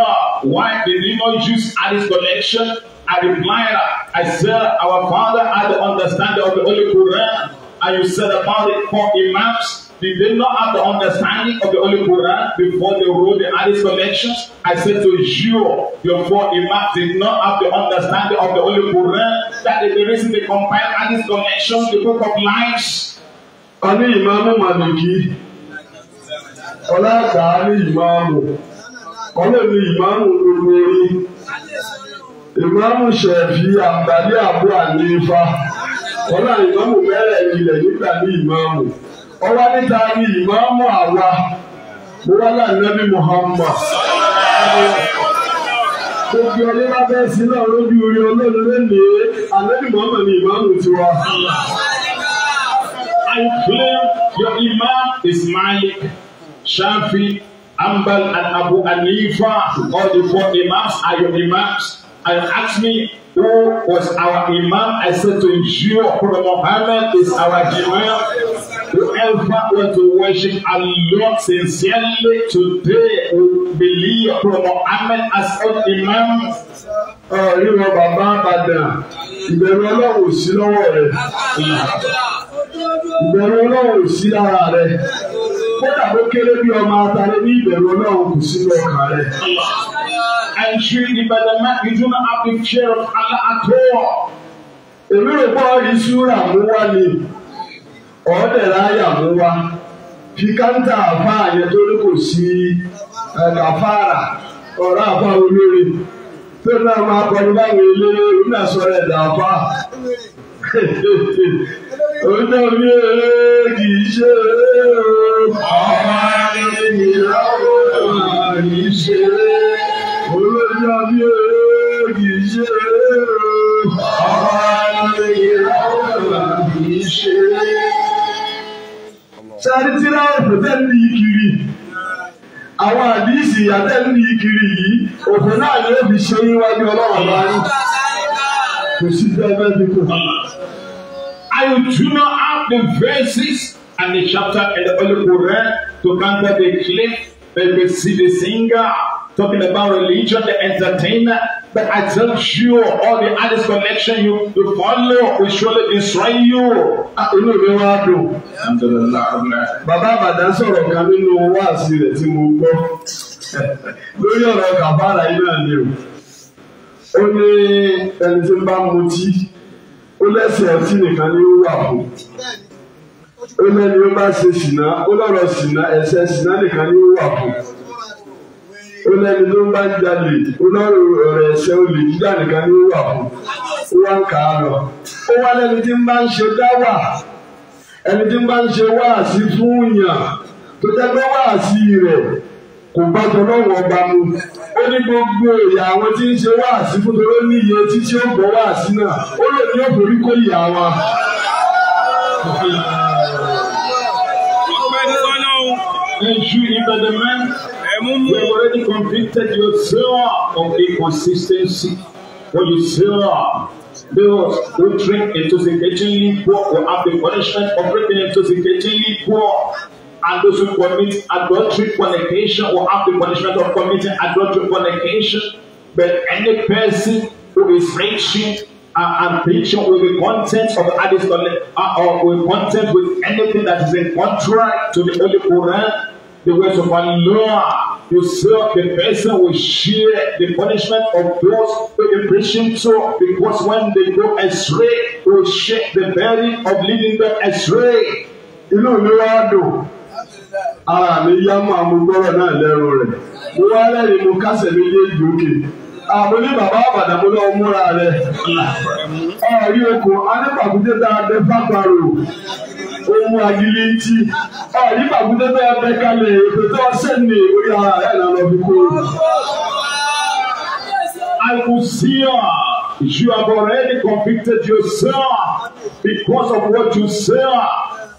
Speaker 1: why did you not use Ali's collection?' I replied, I said, our father had the understanding of the Holy Quran, and you said about it for imams. Did they not have the understanding of the Holy Quran before they wrote the Hadith collections? I said to you, your four imams did not have the understanding of the Holy Quran. That is the reason they compiled Hadith collections, the book of lives. Ani ìmáàmù Màlìkí, ọlọ́ọ̀ká ní ìmáàmù, ọlọ́ọ̀ni ìmáàmù gbogbo orí, ìmáàmù ṣẹ̀fì àǹbálí àbúrò ànífà, ọlọ́ọ̀ni ìmáàmù mẹ́rẹ̀ẹ́rin rẹ̀ nígbà ní ìmáàmù ọwọ́ níta ni ìmáàmù àwa wọ́n wá láàbí Muhammad. Gbogbo ọdún bá bẹ́ẹ̀ sí náà lójú orí ọlọ́run lónìí, àlẹ́bí Muhammad ni ìmáàmù tiwa. I claim your imam is Malik, Shafi, Ambal and Abu Anifa. all the four imams are your imams. And ask me who was our imam, I said to you, Prophet Muhammad is our imam. Whoever wants to worship Allah sincerely today will believe from Muhammad as an imam. Ìwọ bàbá Àbàdàn, ìbẹ̀rù Ọlọ́run ò sí lọ́wọ́ rẹ̀. Ìbẹ̀rù Ọlọ́run ò sí lára rẹ̀. Kódà ló kéré bí ọmọ atalé ní ìbẹ̀rù Ọlọ́run kò sí lọ́kàn rẹ̀. Àìṣe ìbàdàmá ìdúná àfikẹ́ ọ̀kálá àtọ́wọ̀. Èmi ò gbọ́ ìṣúra mú wá ni ọ̀ọ́dẹ̀ láyà wa fi káńtà àfa yẹn tó ní kò sí kàfàrà ọ̀rọ̀ àfa olórí tó náà máa kọlu báwo ilé onílà sọ̀rọ̀ ẹ̀dá àfa onídàbí eré kì í ṣe eré o ọmọ ènìyàwó kì í ṣe eré onídàbí eré kì í ṣe eré o ọmọ ènìyàwó kì ṣe eré sáré tí ráàpù tẹ́ ń yí kiri àwọn àdìsí ìyàtẹ̀ ń yí kiri yìí òfin náà ni ó fi ṣe níwájú ọlọ́run bá ń kò sí bẹ́ẹ̀ dípò. I will tune out the verses and the chapter in the Holy Quran to counter the claim They will see the singer talking about religion, the entertainer. But I tell you, all the others connection you, you follow will surely destroy you. Ah, inú mi wá dùn. Bàbá Àbàdàn sọ̀rọ̀ kan nínú wáàsí rẹ̀ tí mo gbọ́. Lórí ọ̀rọ̀ kàbára yìí náà ni o. Ó ní ẹni tí ń bá mutí. Ó lẹ́sẹ̀ ọtí nìkan ni ó wà fún ó lẹ́ni ó bá ṣe ṣìnà ó lọ́rọ̀ ṣìnà ẹ̀ṣẹ̀ ṣìnà nìkan ni ó wà fún ó lẹ́ni tó bá ń jalè ó lọ́rọ̀ ọ̀rọ̀ ẹ̀ṣẹ̀ olè jíjà nìkan ni ó wà fún ó wá ń kà lọ ó wá lẹ́ni tí ń bá ń ṣe dáwà ẹni tí ń bá ń ṣe wáàsí fún yàn tó jẹ́ pé wáàsí rẹ̀ kò bá tọ́lọ́wọ́ ọba mu ó ní gbogbo ìyá àwọn tí ń ṣe wáàsí fún tó ní iye títí ó gbọ́ wáàsí náà ó lè ní òbí orí kó ìyá wa. against you the demand. You have already convicted yourself of inconsistency. When you sell, those who drink intoxicatingly poor will have the punishment of drinking intoxicatingly poor. And those who commit adultery fornication will have the punishment of committing adultery fornication. But any person who is preaching and, uh, and preaching will be content of uh, or uh, will content with anything that is in contrary to the Holy Quran The words of Allah, you serve the person will share the punishment of those who preaching to, because when they go astray, will share the burden of leading them astray. Inú mi wá dùn. Ara mi yá mọ́ àmúgbọ́rọ̀ náà lẹ́rù rẹ̀. Mo wá rẹ́rìn-ín mo kásẹ̀ méjèèjì òkè àmọ́ bàbá àbàdàmú náà múra rẹ̀ ẹ̀rí anípàkúté tá a dé fàgbàrò ohun agilé ntí ẹ̀rí pàkúté tá a dé kalẹ̀ ètò tó ní orí ara rẹ̀ náà fi kó.
Speaker 2: I will see
Speaker 1: You have already convicted yourself because of what you say.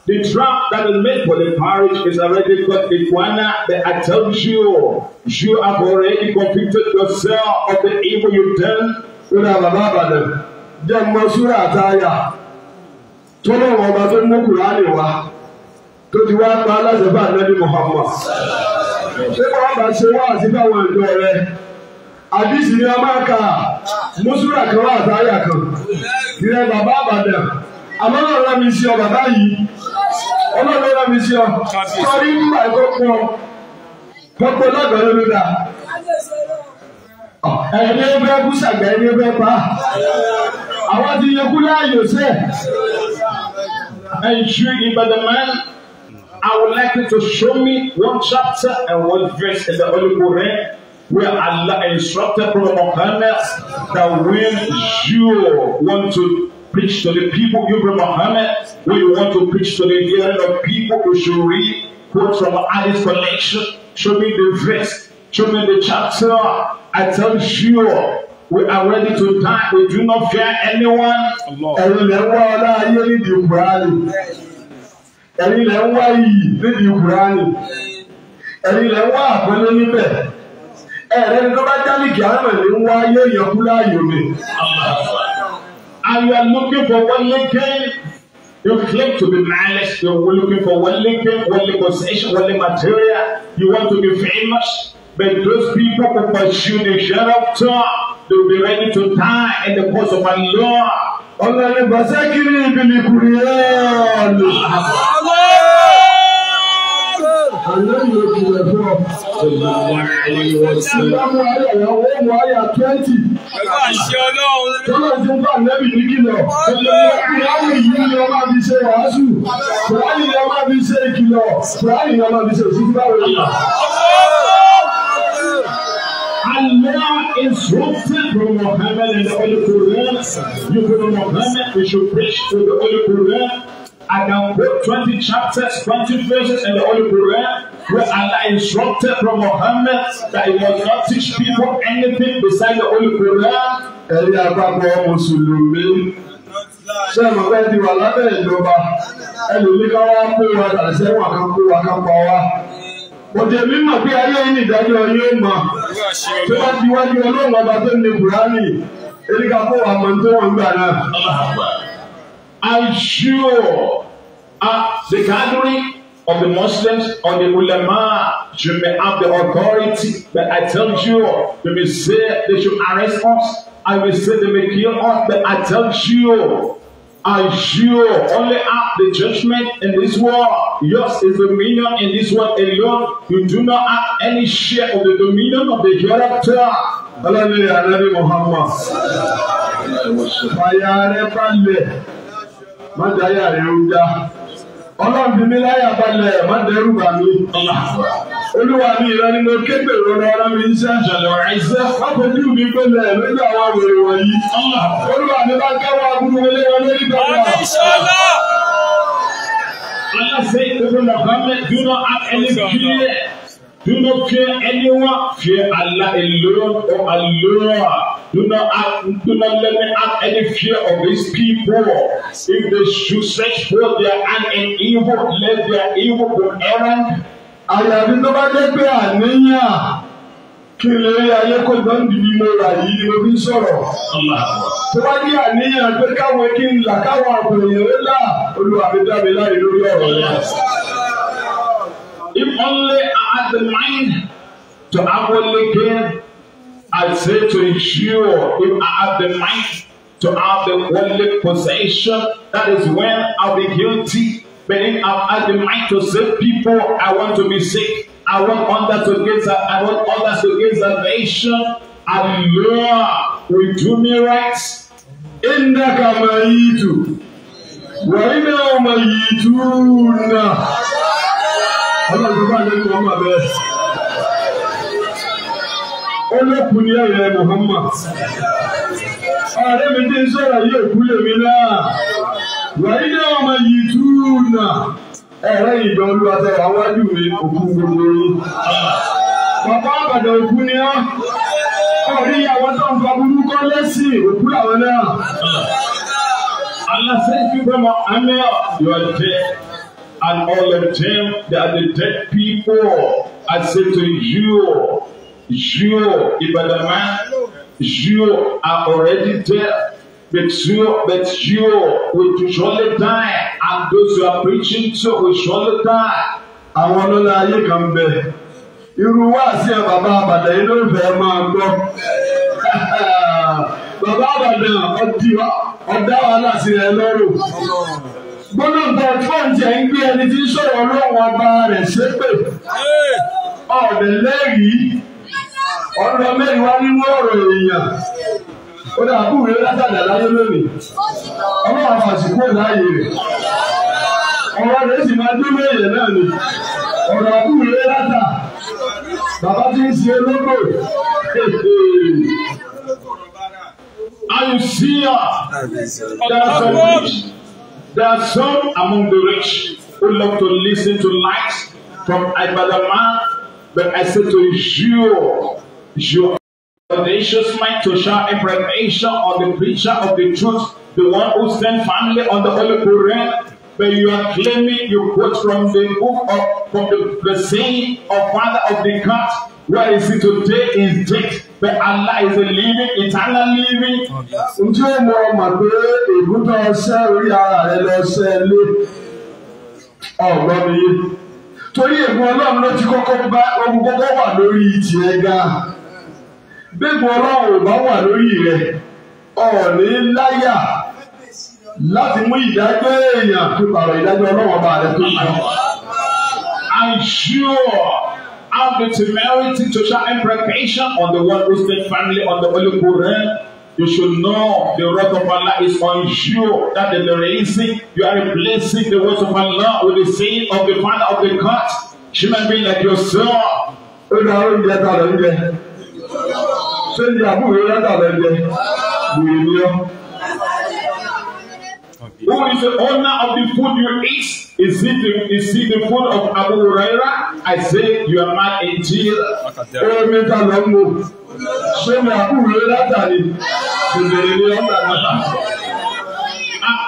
Speaker 1: The trap that is made for the parish is already cut. the one, that I told you. You have already convicted yourself of the evil you done. Rírà bàbá àbàdàn jẹ́ mọ súrà àtàyà tó lọ́ wọ́n ọba tó mú Kùránì wá tó ti wá pa aláṣẹ bá Ànábì Muhammad. Ṣé wọ́n bá ṣe wá àti báwọn ìjọ rẹ̀?
Speaker 2: Àdìsí ni a máa kà
Speaker 1: mú súrà kan wá àtàyà kan. Rírà bàbá àbàdàn àmọ́ náà rẹ́ mi sí ọ bàbá yìí ọlọ́run náà mi ṣe ọ sọrí nígbà tó pọ̀ gbogbo lọ́dọ̀ ló ló dà ẹni ẹgbẹ́ kú sàgbẹ́ ẹni ẹgbẹ́ pa àwọn ti yẹ kú láàyò sẹ́ and you Ibadan man I would like you to show me one chapter and one verse in the Holy Quran where Allah instructed Prophet Muhammad that when you want to preach to the people, you bring Muhammad When you want to preach to the hearing of people, you should read quote from Alice collection. Show me the verse. Show me the chapter. I tell you, we are ready to die. We do not fear anyone. Ẹ̀yin lẹ ń wá ọlá ayé nídìí Kùránì. Ẹ̀yin lẹ ń wá iyì nídìí Kùránì. Ẹ̀yin lẹ ń wá àpẹẹrẹ níbẹ̀. Ẹ̀rẹ́ ni tó bá jálìkì àárẹ̀ lè ń wá ayé ìyẹ̀kú láàyò mi. And you are looking for one again. You claim to be nihilistic. You're looking for worldly gain, worldly possession, worldly material. You want to be famous. But those people who pursue the shadow of God, they'll be ready to die in the course of law. Allah, Allah,
Speaker 2: Allah
Speaker 1: àná ni o kìlọ̀ fún ọ.
Speaker 2: Ìgbàmù ayọ̀ yẹn
Speaker 1: wọ́n mú ayọ̀ twenty. Ẹ̀ka àṣẹ ọlọ́run. Tọ́lá ti ń bá nẹ́bì ní kìlọ̀. Kùránì yìí ni wọ́n fi ṣe wàásù. Kùránì ni wọ́n fi ṣe ìkìlọ̀. Kùránì ni wọ́n fi ṣe òṣìṣẹ́ báwo ni. Allah instructed from Muhammad and the Holy Quran. You from Muhammad, we should preach to the Holy Quran. I can wrote 20 chapters, 20 verses in the Holy Quran where Allah instructed from Muhammad that he must not teach people anything besides the Holy Quran. Ẹ̀rí àpapọ̀ Mùsùlùmí ṣé mo fẹ́ di wà lábẹ́ ìjọba ẹlòmí ká wá pé wa tàṣẹ wà ká pé wa ká pa wa. Òde mímọ̀ pé ayé yìí nìdájọ́ yóò mọ̀. Tí wọ́n ti wájú ọlọ́run ọba tó ní Bùránì, èyí ká wa mọ̀ ní tó wọ́n gbà náà assure uh, ah, the gathering of the Muslims or the ulama. You may have the authority, but I tell you, they may say they should arrest us. I will say they may kill us, but I tell you, I assure only have the judgment in this world. Yours is dominion in this world alone. You do not have any share of the dominion of the hereafter. Hallelujah, Hallelujah, Muhammad má da ayé rẹ̀ ó já ọlọ́run fi mí láyà balẹ̀ má dẹ́rù bà mí. olúwa mi ìran mo ké pèrò rárá mi ń ṣe àṣàlẹ̀ àìsẹ́ àpèjú mi gbẹlẹ̀ lójú àwọn wèrè wọ̀nyí. olúwa mi bá káwọ́ abúlé wọlé wọn lórí bàbá. Allah say, Open the government, do not have any fear. Do not fear anyone, fear Allah alone or Allah. Do not act, do not let me have any fear of these people. If they should search for their hand in evil, let their evil go errand. Àyàfi tó bá jẹ́ pé àníyàn kí lè ayé kó dọ́ndì ni mo rà yìí ni mo fi sọ̀rọ̀. Tó bá jẹ́ àníyàn pé káwọn kí n là káwọn àgbèrè yẹn lá olùwàbí dábìlá ìlú yọ̀rọ̀ yẹn. If only I had the mind to outwardly care, I say to ensure if I had the mind to have the worldly possession, that is when I'll be guilty. But if I have the mind to save people, I want to be sick. I want others to get I want others to get salvation. Allah will do me right. إنك now, my youth? ọlọ́run bá lórí wọn mà bẹ́ẹ̀. olókùn ni ẹ̀yẹ Muhammad ọ̀rẹ́ mi ti ń sọ̀rọ̀ yìí òkú lèmi náà wàyí náà ọmọ yìí túùnà ẹ̀rẹ́ ìgbà olúwa tẹ àwájú mi òkú gbogbo yìí. bàbá àbàdàn òkú ni á ọ̀rí àwọn tó ń fa burúkọ lẹ́sìn òkú làwọn náà. aláṣẹ ìfipẹ́ mọ́ àmì ọ̀ jẹ́ and all of them that are the dead people. I say to you, you, Ibadaman, you are already dead. But you, but you will surely die, and those you are preaching to will surely die. Àwọn ọlọ́lá ayé kan bẹ̀. Irú wáàsí ẹ̀ bàbá àbàdà yìí ló ń fẹ́ máa gbọ́. Bàbá àbàdà ọ̀dà wàhálà sí ẹ lọ́rùn gbólóńgbò fọ́ǹtì ẹ̀ ń gbé ẹni tí ń sọ̀rọ̀ ọlọ́run ọba rẹ̀ ṣépè ọ̀dẹ̀ lẹ́rìí ọ̀rọ̀ mẹ́rin wá nínú ọ̀rọ̀ èèyàn ó dà kú rẹ látàdà láyé lónìí
Speaker 2: ọlọ́run àfàṣìkò
Speaker 1: láàyè rẹ̀ ọ̀rọ̀ rẹ̀ sì máa dé méje náà ni ọ̀rọ̀ kú rẹ látà bàbá tí ń ṣe lóko
Speaker 2: ayùsíyà
Speaker 1: ọ̀dà sọ̀rọ̀. There are some among the rich who love to listen to lies from another man, but I say to you, your audacious mind to shout information on the preacher of the truth, the one who sent family on the Holy Quran, but you are claiming you quote from the book of from the, the saying of Father of the Cat. Where is it today? Is dead. But Allah is a living, eternal living. Ǹjẹ́ mo mọ̀ pé ọsẹ orí ara rẹ lọ lé ọ̀gbọ́n mi yé? Torí ègún ọlọ́run ló ti kọ́kọ́ bá ogun kọ́kọ́ wà lórí tiẹ̀ ga. Bẹ́ẹ̀ni ọlọ́run ò bá wà lórí rẹ̀, láyà I'm sure. out the temerity to show imprecation on the one who said family on the Holy Quran. You should know the wrath of Allah is on you. That is the reason you are replacing the words of Allah with the saying of the Father of the God. Human being like yourself. Ṣé ìyàbù yóò látàlẹ́ jẹ? Who is the owner of the food you eat? Is it the, is it the food of Abu Huraira? I say you are not a Jew. Ó mẹ́ta lọ ń mú. Ṣé mi àbú rẹ̀ látàrí? Bèbèrè ni ọ̀nà ah, àgbàtà.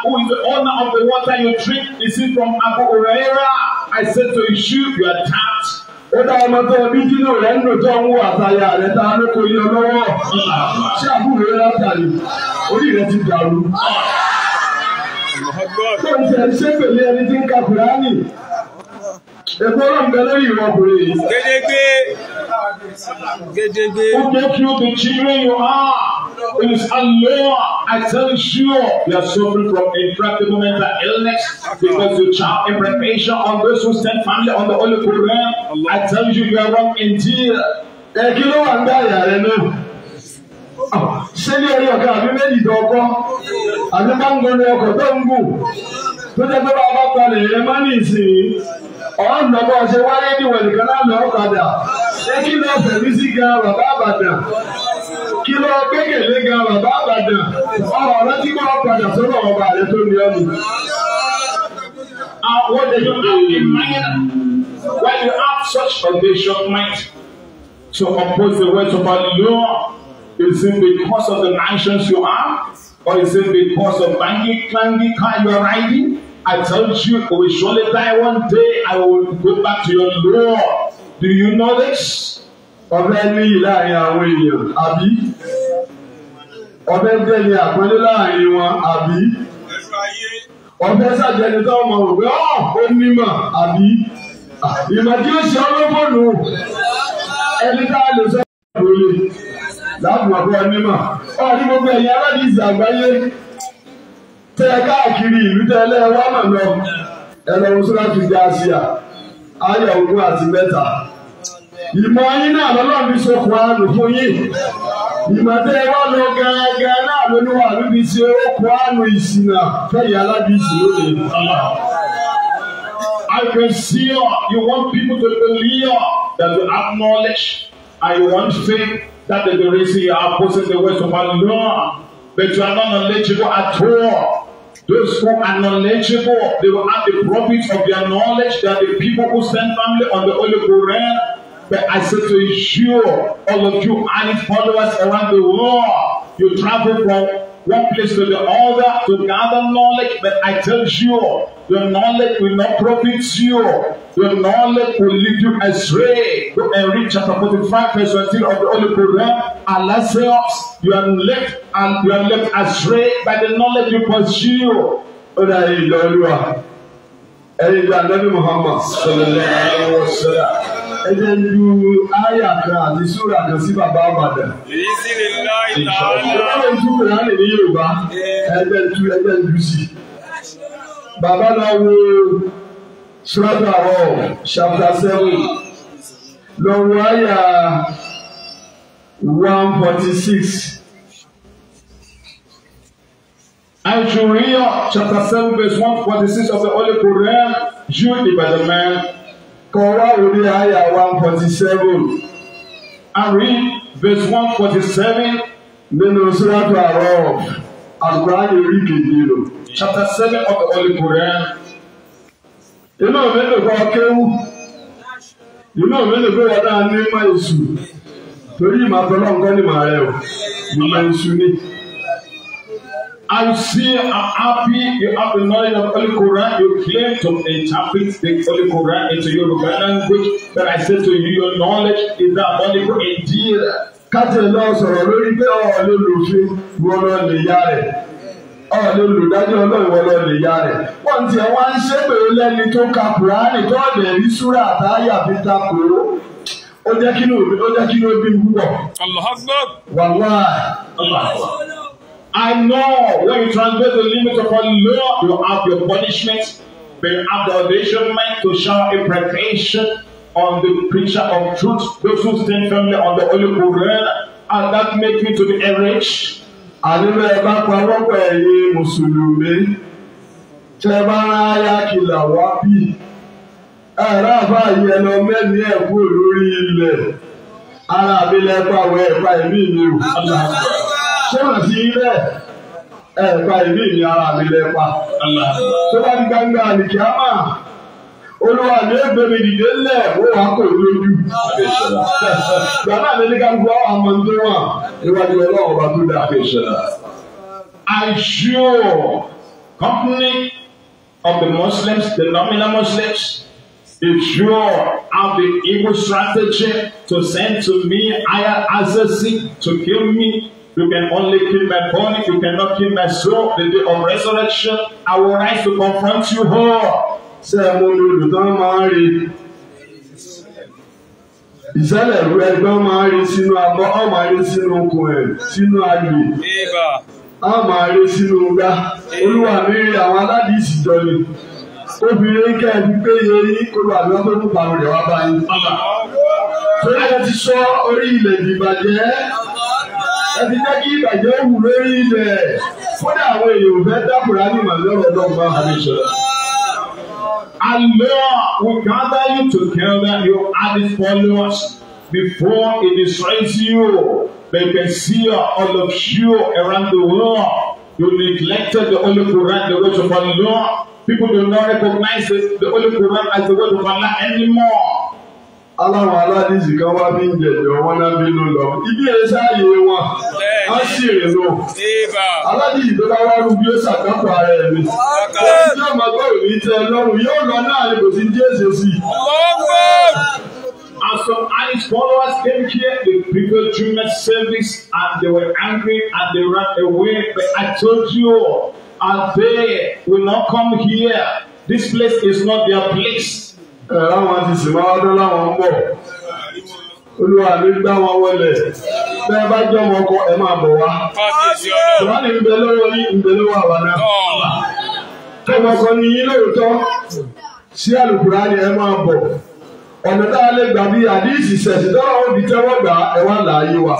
Speaker 1: Who is the owner of the water you drink? Is it from Abu Huraira? I say to you, you are tapped. ó dá ọmọ tó ọbí jínú rẹ ń lò tó ń wo àtàyà rẹ tá a lóko yọ lọ́wọ́ ṣé àbúrò rẹ látàrí orí rẹ ti dàrú. Ṣé o ti ẹ̀ Ó jẹ́ kí o tún children you are. It is Allah. I tell you sure you are suffering from intractable mental illness because you charm impregnation on those who stand family on the Holy Quran. I tell you you are wrong indeed. Ẹ kí ló wà ń gbá ìyá rẹ náà? Ṣé ní orí ọ̀gá mi méjì dọ̀gbọ́n? àti máńgò ni ọkọ̀ tó ń gùn tó jẹ́ pé bá a bá palẹ̀ yẹn má ní ìsìn ọ̀hún lọ́gbọ́n ṣe wáyé níwọ̀n nìkan náà lọ́ padà ṣé kí ló fẹ̀mí sí ga bàbá àbàdàn kí ló gbẹ́kẹ̀lé ga bàbá àbàdàn ọ̀rọ̀ rẹ tí kò padà sọ́dọ̀ ọba rẹ tó ní ọ̀nù. What they do in you have such foundation mind to oppose the words of our Lord is in because of the nations you are. Or is it because of bangy, clangy car you are riding? I tell you, I will surely die one day. I will go back to your Lord. Do you know this? Ọbẹ̀ ní láàrin àwọn èèyàn àbí? Ọbẹ̀ jẹ́ ní àpẹẹrẹ láàrin wọn àbí? Ọbẹ̀ ṣàjẹni tó ọmọ rò pé ọ́ ó nímọ̀ àbí? Ah, ìmọ̀ tí ó ṣe ọlọ́gbọ̀nù ẹni tá a lè sọ ìgbàlódé láàbùmọ̀ fún ọ nímọ̀ ọ ní gbogbo ẹ̀yin aládìsí àgbáyé tẹ káàkiri ìlú tẹ́lẹ̀ wá mọ̀ lọ ẹlọ́run sọ́láàtì di àṣìyà ayé ogún àti mẹ́ta. ìmọ̀ yín náà lọ́lọ́run fi sokùn àánú fún yín
Speaker 2: ìmọ̀ tẹ́ ẹ wá lọ gángan náà lóníwà níbi
Speaker 1: tí ó kó àánú ìsìnà fẹ́yìn aládìsí lónìí. I can see you. You want people to believe that you have knowledge and you want faith that the reason you are opposing the way ways of Allah. But you are not knowledgeable at all. Those who are knowledgeable, they will have the profit of their knowledge. They are the people who send family on the Holy Quran. But I say to you, all of you, and followers around the world, you travel from one place to the other to gather knowledge, but I tell you, the knowledge will not profit you. The knowledge will lead you astray. Go and read chapter forty-five, verse 17 of the Holy Quran. Allah you are left and you are left astray by the knowledge you pursue. Ọ̀rọ̀ ayé ìjọ olúwa, ẹ̀yin ìjọ Ànábì Muhammad, sallallahu alaihi wasallam ẹjẹ ń du àyà kan àti súrà kan sí bàbá àbàdàn.
Speaker 2: èyí sì ni láì tààlà. ẹjẹ ń du kùránì
Speaker 1: ní yorùbá ẹjẹ ń du ẹjẹ ń du sí. bàbá náà wo sùràtà ọ̀ ṣàpùtà sẹ́wọ̀n lọ́wọ́ àyà one forty six. And read chapter 7 verse 146 of the Holy Quran, you the man Kọ̀ọ̀rá orí àyà one forty seven and read verse one forty seven nínú Sùràtù àrọ̀ Al-Qur'an orí kejì lò chapter seven of the Holy Quran. Inú mi lè kọ́ kéwú. Inú mi lè kọ́ wọ́n dáa ní ìmọ̀ èṣù. Torí ìmọ̀ àtọ́lọ́ nǹkan ní màá rẹ̀ o. Ìmọ̀ èṣù ni. I see I'm happy you have the knowledge of Holy Quran. You claim to interpret the Holy Quran into your own language. But I say to you, your knowledge is not only for indeed. Kájẹ̀ lọ sọ̀rọ̀ lórí pé ọ̀rọ̀ oh, ló lò fi wọ́n lọ lè yá rẹ̀. Ọ̀rọ̀ oh, ló lò dájú ọlọ́run wọ́n lọ lè yá rẹ̀. Wọ́n ti ẹ̀ wá ń ṣépè lẹ́ni tó ka Kùránì tó ọ̀dẹ̀ rí súrà àtàyà fi ta kòró. Ó jẹ́ kí ló bí wúwọ̀.
Speaker 2: Wàhálà.
Speaker 1: I know when you transgress the limit of our law, you have your punishment, but you have the audition meant to shower imprecation on the preacher of truth, those who stand firmly on the Holy Quran, and that make me to be enriched. Àdúrà ẹ bá parọ́ pẹ̀lú Mùsùlùmí. Tẹ bá rán ayá kìlà wá bí. Ẹ̀rọ àbáyé ẹnu mẹ́rin ẹ̀ kúrò lórí ilẹ̀. Ara àbílẹ̀ pàwọ̀ ẹ̀ pa ẹ̀mí mi ò ṣé sí rẹ̀ ẹ̀ pa ìbí mi ara mi lẹ pa. tó bá ní gbangba àlìkíámà olúwa ní ebèrè dìde lẹ̀ wó wàá kò lójú. gbàgbà ní ní kálukú àwọn àmọ́ ń tó wà níwájú ọlọ́run ọba tó dà. I sure company of the Muslims, the nominal Muslims, is sure have the evil strategy to send to me higher assassin to kill me You can only kill my body, you cannot kill my soul. The day of resurrection, I will rise to confront you all. Ṣé ẹ mọ olùdán máa ń rí? Ìṣẹ̀lẹ̀ ìlú ẹgbẹ́ máa rí sínú abọ́, ọ̀ máa rí sínú okùn ẹ̀, sínú àgbè. A máa rí sínú gbá. Olúwa mi rí àwọn aládìsí jọ Obìnrin kẹ́ ẹ fi pé iye yín kó lọ àbí ọgbẹ́ fún bàrùn rẹ̀ wá báyìí. Torí ẹ ti sọ orí ilẹ̀ ìdìbàjẹ́ ẹ ti jẹ́ kí ìbàjẹ́ wù lórí ilẹ̀ kódà àwọn èèyàn ò fẹ́ dákùrá ní màlúwà lọ́gbà àdìsọ́lá. Allah we gather you together, you added followers, before he destroys you. They can see all of you around the world. You neglected the Holy Quran, the word of Allah. People do not recognize the Holy Quran as the word of Allah anymore aláwọn aládìsí kan wá ní ìjẹ̀jọ́ wọn náà bínú lọ ibi èsì ààyè wọn á sì rìnnà aládìsí tó bá wá rúbi ó ṣàkóso ara mi ọjọ́ máa gbọ́ tẹ lọ́rùn yóò lọ náà ni kò sí jésù sí And some Alice followers came here, the people during that service, and they were angry and they ran away. But I told you, and they will not come here. This place is not their place láwọn ti sì máa dán láwọn ń bọ̀ olúwa mi gbá wọn wọlé bẹ ẹ bá jọ ọmọ ọkọ ẹ máa bọ̀ wá ìwádìí ń bẹ lọ́wọ́ yín ń bẹ lọ́wọ́ àwa náà ọmọ ọkọ ni yín lóòótọ́ sí àlùkùrá ni ẹ máa bọ̀ ọ̀nà tá lè gbà bí àdìsí ṣẹ̀ṣẹ̀ tọ́lá ó tẹ́wọ́ gbà ẹ wá láàyè wa.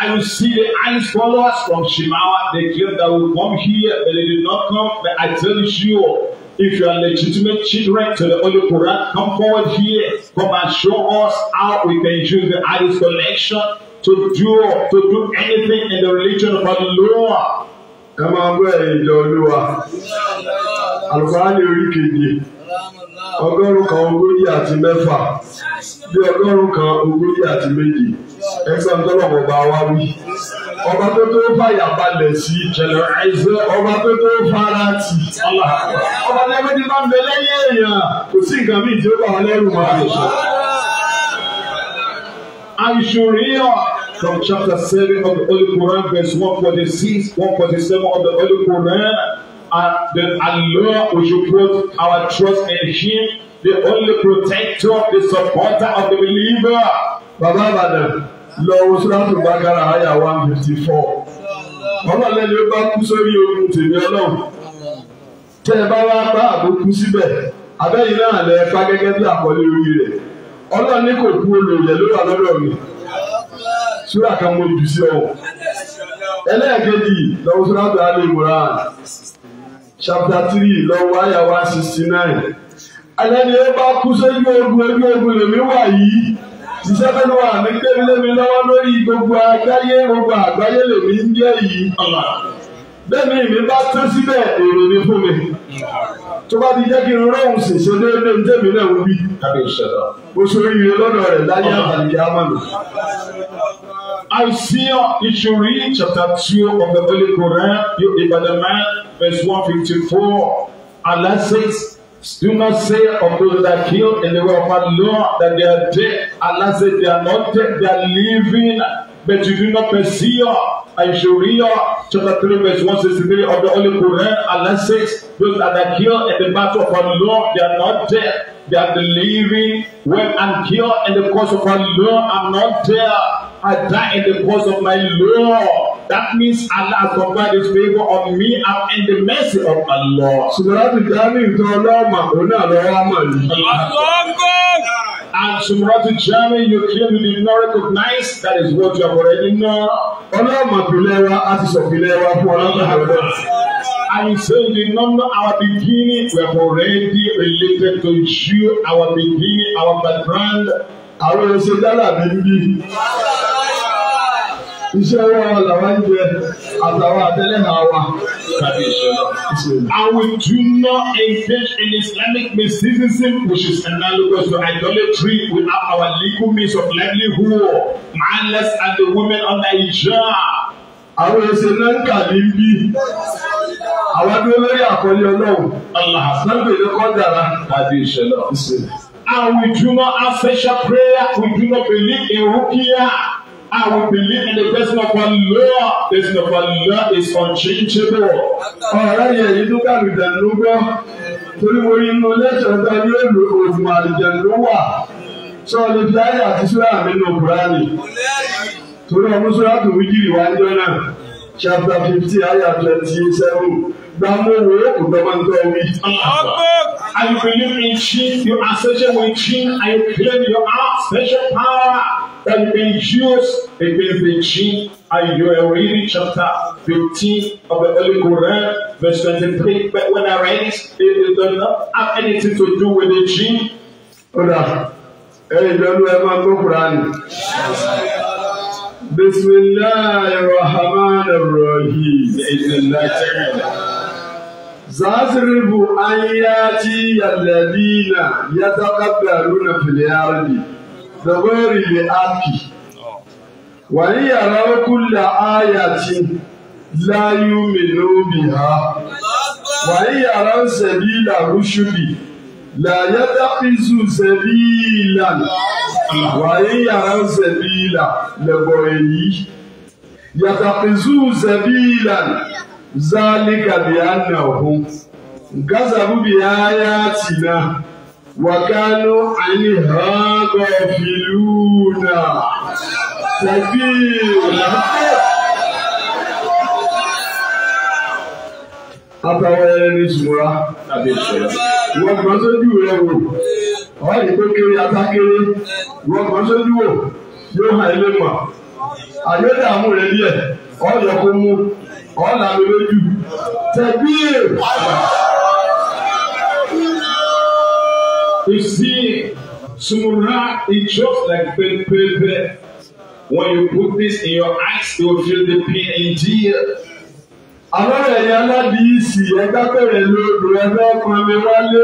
Speaker 1: And you see the eyes followers from Shimawa, they claim that we come here, but they did not come, but I tell you sure. If you are legitimate children to the Holy Quran, come forward here. Come and show us how we can use the highest connection to do to do anything in the religion of Allah. Lord. Ẹ máa ń bẹ̀rẹ̀ ìjọ Olúwa. Àlùkò á lè rí ọgọ́rùn kan ogójì àti mẹ́fà bí ọgọ́rùn kan ogójì àti méjì ẹgbẹ́ ọ̀dọ́rọ̀mọ̀ bá wá wí. ọba tó tó fàyà balẹ̀ sí ìkẹlẹ̀ àìsàn ọba tó tó fara tì ọba lẹ́gbẹ́ tí máa ń bẹ lẹ́yìn èèyàn kò sí nǹkan míì tí ó bá wọn lẹ́rù máa lè ṣe. àìṣòríyàn. From chapter 7 of the Holy Quran, verse 146, 147 of the Holy Quran. And the Allah, we should put our trust in Him, the only protector, the supporter of the believer. Bàbá Àbàdàn lọ wo Suratul Baqara àyà one fifty four. Ọlọ́lẹ́ ni ó bá kú sórí ogun tèmi ọlọ́run. Tẹ́ ẹ bá wá bá àbókú síbẹ̀, abẹ́yìn náà lẹ fa gẹ́gẹ́ bí àkọlé orí rẹ̀. Ọlọ́run ní kò kú olóòyẹ̀ ló wà lọ́dọ̀ mi. Súrà kan mo jù sí ọ. Ẹlẹ́ẹ̀kejì lọ wo Suratul Ali Imran chapter three lọ́wọ́ àyà one sixty nine. Alẹ́ni ó bá kú sójú ogun ojú ogun lèmi wà yìí. Ṣiṣẹ́ fẹ́ni wà ní gbẹ́mílẹ́mi lọ́wọ́ lórí gbogbo àgbáyé gbogbo àgbáyé lèmi ń jẹ́ yìí. Bẹ́ẹ̀ni mi bá tán síbẹ̀ èrò ni fún mi tó bá ti jẹ́ kí n rọrùn ṣèṣe déédéé ń tẹ̀mí náà wọ́n bí tàbí ìṣẹ̀dá ó ṣe oríire lọ́dọ̀ rẹ̀ láyé àbàlẹ̀ àmàlù. Isaiah Ishori chapter two of the Holy Quran, Ibadan verse one fifty four, Allah says, Do not say of those that kill in the way of Allah that they are dead. Allah said they are not dead, they are living but you do not perceive and Sharia chapter 3 verse 163 of the Holy Quran Allah says those that are killed in the battle of Allah they are not dead they are believing when well and killed in the cause of Allah are not dead. I die in the cause of my Lord That means Allah has provided favor on me. I'm in the mercy of Allah. Sùmùràtù Jami ìtọ́ ọlọ́ọ̀mà òun náà lọ́wọ́ àmà yìí. Ọlọ́gbọ́. And Sùmùràtù Jami you claim you did not recognize that is what you have already known. Ọlọ́ọ̀mà pìlẹ̀ wa á ti sọ pìlẹ̀ wa fún ọlọ́mà rẹ̀. And so you did not our beginning. We have already related to you, our beginning, our background. Àwọn ẹ̀ṣẹ̀ dára mi ń iṣẹ́ wọn làwọn ń jẹ àtàwọn àtẹlẹ́ náà wà. And we do not engage in Islamic mysticism, which is analogous to idolatry. We have our legal means of livelihood, manless and the women under hijab. Àwọn ẹsẹ̀ náà ń kà ní bí. Àwọn tó lórí àkọlé ọlọ́run. Allah sábẹ̀ ló kọ́ dára. Tàbí ìṣẹ̀lẹ̀. And we do not have special prayer. We do not believe in rukia. I will believe in the person of Allah. The person of Allah is unchangeable. Ọ̀rẹ́ yẹn yìí tó kàwé dẹ̀nu gbọ́. Torí mo rí inú lẹ́sẹ̀ ọ̀dọ́ ní èlò òògùn àlìjẹ̀nu wà. Sọ ni Bíláyà àti Súrà nínú Kùránì. Torí ọmọ Súrà tó wí jìrì wá jọ náà. Chapter fifty ayah twenty seven. Gbàmú wo ògbọ́mọ ń tọ́ wí. Are you believe in Chin? You are searching with Chin and you claim you are special power. That in Jews, it is the G, and you are reading chapter 15 of the Holy Quran, verse 23. But when I read it, it does not have anything to do with the G. Oda, ẹ̀yin lọ́nu ẹ máa gbọ́ Kúránì. Bisimilahi rahman rahim. Zaziribu an yati yalladina yatakabbaruna fil ardi the way really happy. Wàyí yàrá ayati la láyú mi lóbi ha. Wàyí yàrá sẹ̀bí làrúṣùbì làyà dápísù sẹ̀bí ìlànà. Wàyí yàrá sẹ̀bí ìlà lẹ̀bọ̀ èyí. Yàtàpísù sẹ̀bí ìlànà zálíkà wàkánú àníhàgọ́ fìlúùnà tàbí ìlànà. Àtàwọn ẹni ṣùgbọ́n tàbí ìṣẹ̀lẹ̀. Wọ́n kàn sójú rẹ̀ wò, ọ̀hún ìpé kéré atákéré, wọ́n kàn sójú wò, yóò hàn ilé mọ̀. Àyọ̀dẹ̀ àmú rẹ̀ díẹ̀, ọ̀yọ̀ kó mú, ọ̀làmì lójú, tẹ̀gbíè. You see, sumura is just like paper. When you put this in your eyes, you will feel the pain in tears. Àwọn ẹ̀yà aládìísì ẹgbẹ́ pẹ̀rẹ̀ lóòdù ẹgbẹ́ ọkùnrin mi wálé.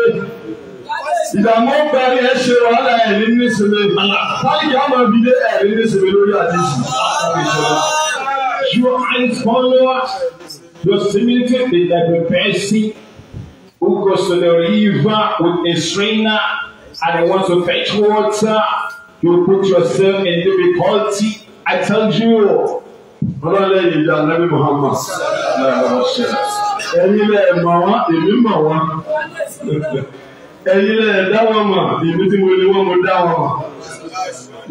Speaker 1: Ìdààmú gbẹ̀rẹ̀ ẹ ṣe wàhálà ẹ̀rí nísìnyí. Táyì àmọ̀ ìbílẹ̀ ẹ̀rí nísìnyí lórí àdìsí. Your eyes follow us. Your similitude is like a person who goes to the river with a strainer and wants to fetch water, you put yourself in difficulty. I tell you, ọlọ́lẹ̀ yìí dá nàbí Muhammad ẹ̀yin lẹ̀ mọ̀ wá èmi mọ̀ wá ẹ̀yin lẹ̀ dá wọn mọ̀ èmi tí mo ní wọn mo dá wọn mọ̀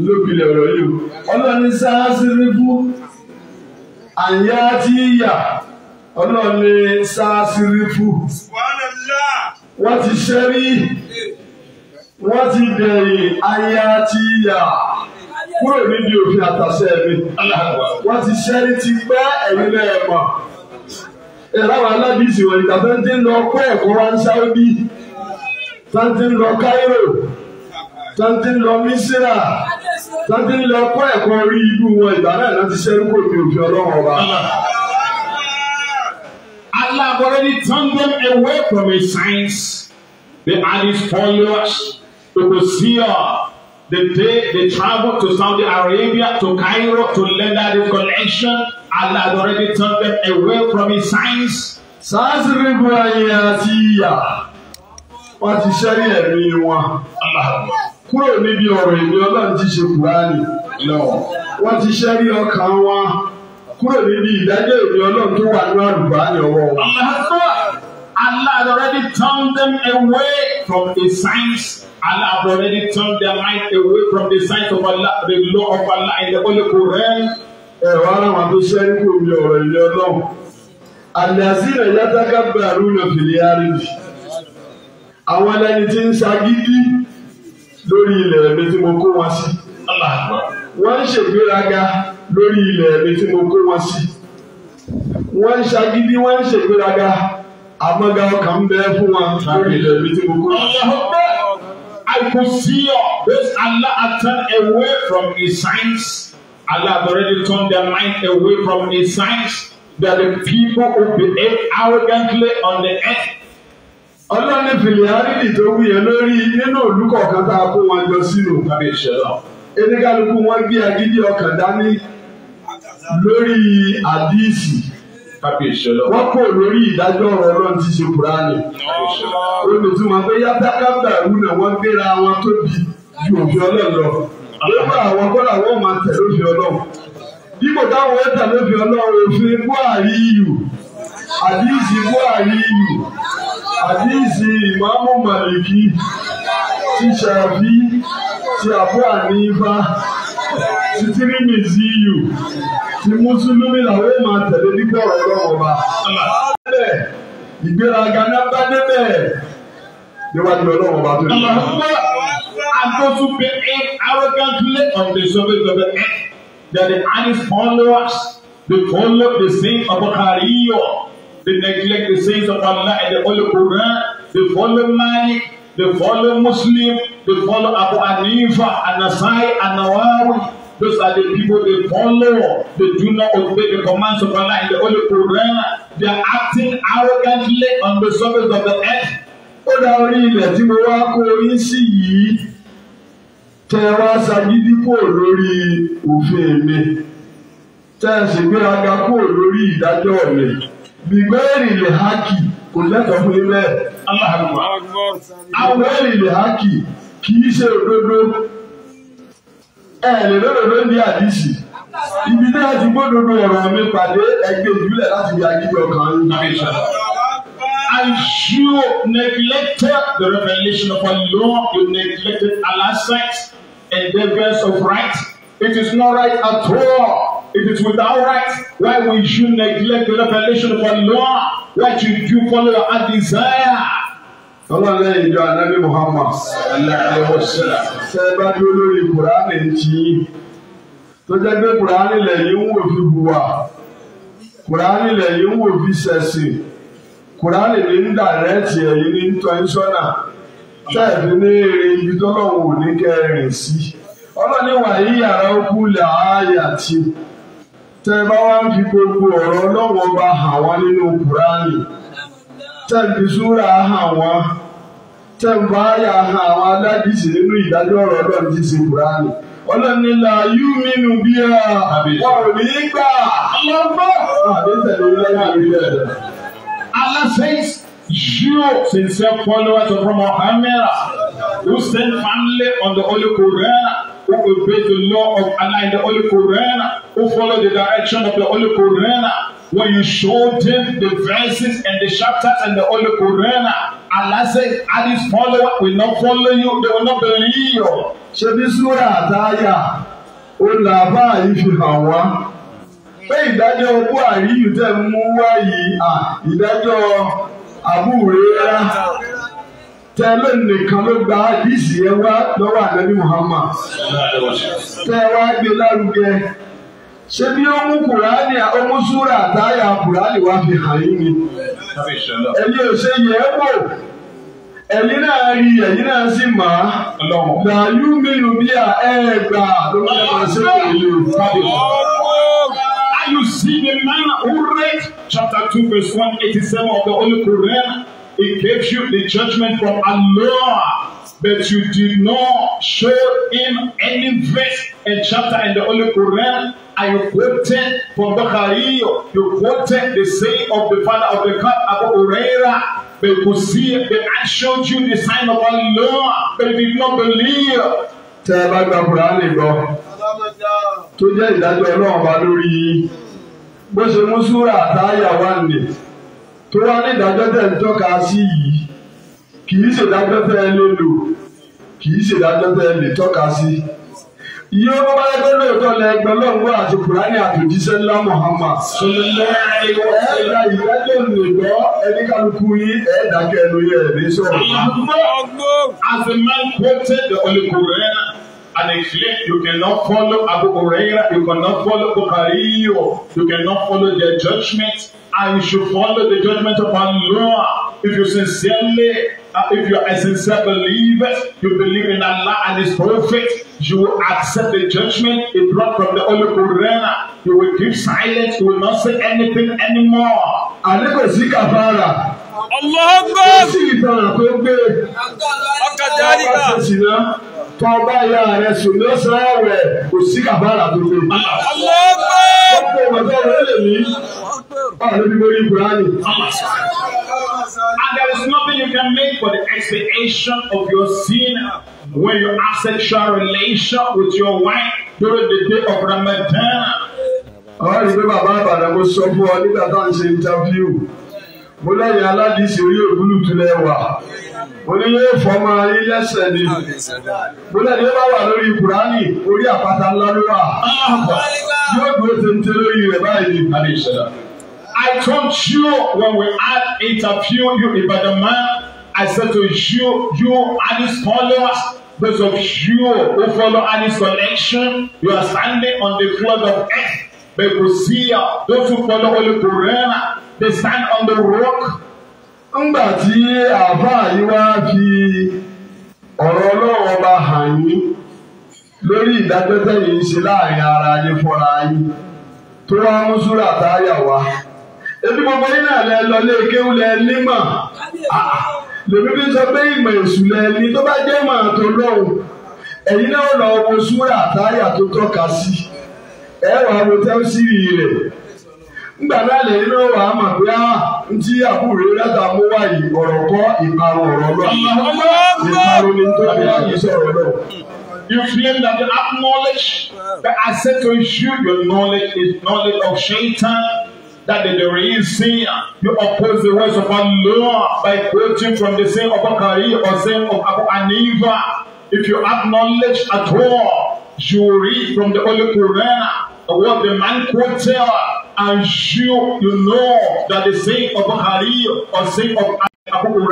Speaker 1: lópinlẹ̀ ọ̀rọ̀ yìí ọlọ́ni sáásírí fún àyà tí yà ọlọ́ni sáásírí fún. wọ́n ti ṣẹ́rí wọ́n ti ayé àti kúrò níbi òfin àtàṣẹ mi wọ́n ti ṣẹ́rí ti pẹ́ ẹ̀mí náà mọ̀ ìlànà alábìsì wọ̀nyí tàbí ń dín lọ ẹ̀kọ́ wa ń tàbí ń lọ tàbí ń lọ ẹ̀kọ́ rí ibú wọn ìgbà náà kò ní òfin ọba. Allah already turned them away from his signs. They are his followers to pursue the day they travel to Saudi Arabia, to Cairo to lend this collection. Allah has already turned them away from his signs. Sásìrìbù ayé àti ìyà wọ́n ti ṣẹ́rí ẹ̀mí wọn. Kúrò níbi ọ̀rọ̀ ìmí ọlọ́run ti ṣe Kùránì lọ. Wọ́n ti ṣẹ́rí ọkàn wọn kúrò níbi ìdájọ́ èmi ọlọ́run tó wà ní àlùbá ní ọwọ́ wọn. Allah has already turned them away from the signs. Allah has already turned their mind away from the signs of Allah, the law of Allah in the Holy Quran. Ẹ̀rọ ara wọn tó ṣe ń kó mi ọ̀rọ̀ ilé ọlọ́run. Àdàsílẹ̀ yàtàkà bẹ̀rù ló fìlẹ̀ àríjì. Àwọn ẹlẹ́ni tí ń ṣagídí lórí ilẹ̀ mi tí mo kó wọn sí. Wọ́n ń ṣègbéraga lórí ilẹ̀ mi tí mo kó wọn sí. wọ́n ń ṣagídí wọ́n ń ṣègbéraga àmọ́gá ọkàn bẹ fún wọn lórí ilẹ̀ mi tí mo kó wọn sí. I could see your this Allah had turned away from his signs. Allah had already turned their mind away from his signs. That the people who behave arrogantly on the earth. Ọlọ́run ní fìlíárìlì tó wù yẹn lórí nínú ìlú kọ̀ọ̀kan tá a kó wọn jọ sínú. Ẹni kálukú wọn gbé agídí ọkàn dání lórí àdìsí wọ́n kò lórí ìdájọ́ ọ̀rọ̀ ọlọ́run ti ṣe kúránì olùtúmọ̀ pé yátákábà ìlú náà wọ́n gbéra wọn tóbi ju òfin ọlọ́run lọ nígbà àwọn kọ́là wọ́n máa tẹ̀ lófin ọlọ́run dípò táwọn ẹ̀ tẹ̀ lófin ọlọ́run òfin buhari iyù àdìsí buhari iyù àdìsí ìmáàmù màlìkì ti ṣàbí ti àbúrò àníbá ti tírímìzì iyù ti mùsùlùmí làwọn èèyàn máa tẹ̀lé nígbà ọ̀rọ̀ ọlọ́wọ́ bá. ìgbéraga náà bá débẹ̀ níwájú ọlọ́wọ́ bá tó yẹ. And those who behave arrogantly on the surface of the earth, they the honest followers. They follow the Saint of Bukhariyo. They neglect the sins of Allah and the Holy Quran. the follow Malik. They follow Muslim. the follow Abu Hanifa, Anasai, Anawari. Those are the people they follow. They do not obey the commands of Allah in the Holy Quran. They are acting arrogantly on the surface of the earth. Ó dá orí ilẹ̀ tí mo wá kó orí sí yìí. Tẹ wá ṣagídí kò lórí òfin mi. Tẹ sì gbéraga kò lórí ìdájọ́ mi. Bìgbẹ́rì lè hákì kò lẹ́tọ̀ọ́ fún ilé. Àwọn ẹ̀rì lè hákì kì í ṣe òdodo ẹ lè lódodo ní àdìsí ibi tí ti gbódodo ọ̀rọ̀ mi pàdé ẹgbẹ́ ìbílẹ̀ láti di agídí ọkàn yín. And you neglected the revelation of Allah, you neglected Allah's sight, endeavors of right. It is not right at all. It is without right. Why would you neglect the revelation of Allah? Why should you follow your desire? ọlọ́run ìjọ anabi muhammad ṣe bá dúró lórí kùránì tí tó jẹ́ pé kùránì lẹ́yìn ń wò fi buwa kùránì lẹ́yìn ń wò fi ṣẹ̀sìn kùránì ní ń dàrẹ́tì ẹ̀yìn ní ní èrè ibi ní kẹrin sí ọlọ́ni wà yí yàrá wá ń fi gbogbo ọ̀rọ̀ ọlọ́wọ́ bá wá nínú kùránì. tẹ̀ ń hàn wọ́n tẹ̀ ń hàn àwọn aládìsí nínú ìdájọ́ ọ̀rọ̀ ọlọ́run ti ṣe kúránì ọlọ́nìlà yóò mínú bí a wọn ò ní gbà lọ́gbọ́. Allah says, you sincere followers of Muhammad, who send family on the Holy Quran, who obey the law of Allah in the Holy Quran, who follow the direction of the Holy Quran. When you show them the verses and the chapters and the Holy Quran, Allah said, Ali's follower will not follow you, they will not believe you. Ṣé bí Súra àtàyà ó là báyìí fi hàn wá? Pé ìdájọ́ Buhari yìí tẹ̀ mú wá yìí, ìdájọ́ àbúrò rẹ̀ tẹ́lẹ̀ nìkan ló gba àdìsí yẹn wá lọ́wọ́ ànábì Muhammad tẹ́ ẹ wá gbé lárugẹ ṣé bí ó mú kùránì ó mú súrà táyà kùránì wá fi hàn yín ni ẹ̀yin ò ṣe yẹ̀ ẹ́ wò ẹ̀yin náà rí ẹ̀yin náà sì mà á làyú mílù bí à ẹ̀ gbà ló má yẹ máa ṣe pẹ̀lú ìfàdé. Are you seeing the man who read chapter two verse one eighty seven of the Holy Quran? It gave you the judgment from Allah, but you did not show him any verse and chapter in the Holy Quran. And you quoted from Bukhari, you quoted the saying of the father of the cup, Abu Huraira, but you could see it, but I showed you the sign of Allah, but did not believe. Tẹ́ ẹ bá gba Kùránì gbọ́, tó jẹ́ ìdájọ́ Ọlọ́run wa lórí yín, bó ṣe mú súrà àtàyà wà nìyí tó wá ní ìdájọ́ tẹ̀ ń tọ́ka sí yìí kì í ṣèdájọ́ tẹ̀ ẹ lè lò kì í ṣèdájọ́ tẹ̀ ẹ lè tọ́ka sí. iye owó bá yẹ pé lóòótọ́ lẹ ẹgbẹ́ lọ́wọ́ àti kùránì àtòjíṣẹ́ ńlá Muhammad. sọlá ẹ̀ẹ́dà ìdájọ́ ìgbọ́ ẹni kálukú yín ẹ̀ẹ́dàkẹ́ ẹnu yẹ ẹ̀mí sọ̀rọ̀. As a man quoted the Holy Quran and a claim you cannot follow Abu Huraira, you cannot follow Bukhari, you cannot follow their judgment and you should follow the judgment of Allah. If you sincerely, uh, if you are a sincere believer, you believe in Allah and His Prophet, you will accept the judgment It brought from the Holy Quran. You will keep silent, you will not say anything anymore. Àlékò sí kàfàrà. Allah gbọ́. Kí sì ìtàn àpéǹpé. Ọkà jáde ká. Ọkà jáde ká tó bá ya rẹ sùn lọ́sàn-án rẹ̀ kò sí kàbára tó lè. ọ̀pọ̀ ọ̀gá ọ̀rẹ́ lè mí. ọ̀rẹ́ mi lórí Kùránì. And there is nothing you can make for the expiation of your sin when you have sexual relation with your wife during the day of Ramadan. ọ̀rẹ́ mi bàbá àbàdàn kò sọ fún ọ nígbà tá à ń ṣe interview mo lẹ́yìn aládìsí orí òbúlùtù lẹ́wà mo ní yóò fọmọ ayé lẹ́sẹ̀ ni mo bá wà lórí kùránì orí àpáta ńlá ló wà yóò dúró téńté lórí rẹ̀ báyìí ní ìpàdé ìṣẹ̀dá. I told you when we had interviewed you about the man, I said to you, you Addis followers, those of you who follow Addis connection, you are standing on the flood of earth. But you see, those who follow only Quran, they stand on the rock. ńgbà tí àáfàá yìí wá fi ọ̀rọ̀ ọlọ́run ọba hàn yín lórí ìdájọ́ tẹ̀yìn ṣe láàrin ara yín fúnra yín tó wá mú súrà táyà wá. ebi gbogbo yín náà lẹ lọ lé kéwú lẹ nímọ̀ ah, lèmi bí sọ pé ìmọ̀ èṣù lẹ ní tó bá jẹ́ mọ̀ tó lọ́hùn ẹ̀yin náà lọ wo súrà táyà tó tọ́ka sí ẹ wàá wo tẹ́wọ́sì rẹ̀ nígbàdá lè ní ó mà pé ah, ntí àbúrò rẹ́ta mú wá yìí ọ̀rọ̀ kọ́ ìparun ọ̀rọ̀ lọ. ìparun ni tó ní àyè sọ̀rọ̀ lọ. You claim that you have knowledge, but I say to you, your knowledge is knowledge of Shaitan. That is the reason you oppose the words of Allah by quoting from the saying of Bakari or saying of Abu Aniva. If you have knowledge at all, you read from the Holy Quran or what the man quoted and you, you know that the saying of Bukhari or saying of Abu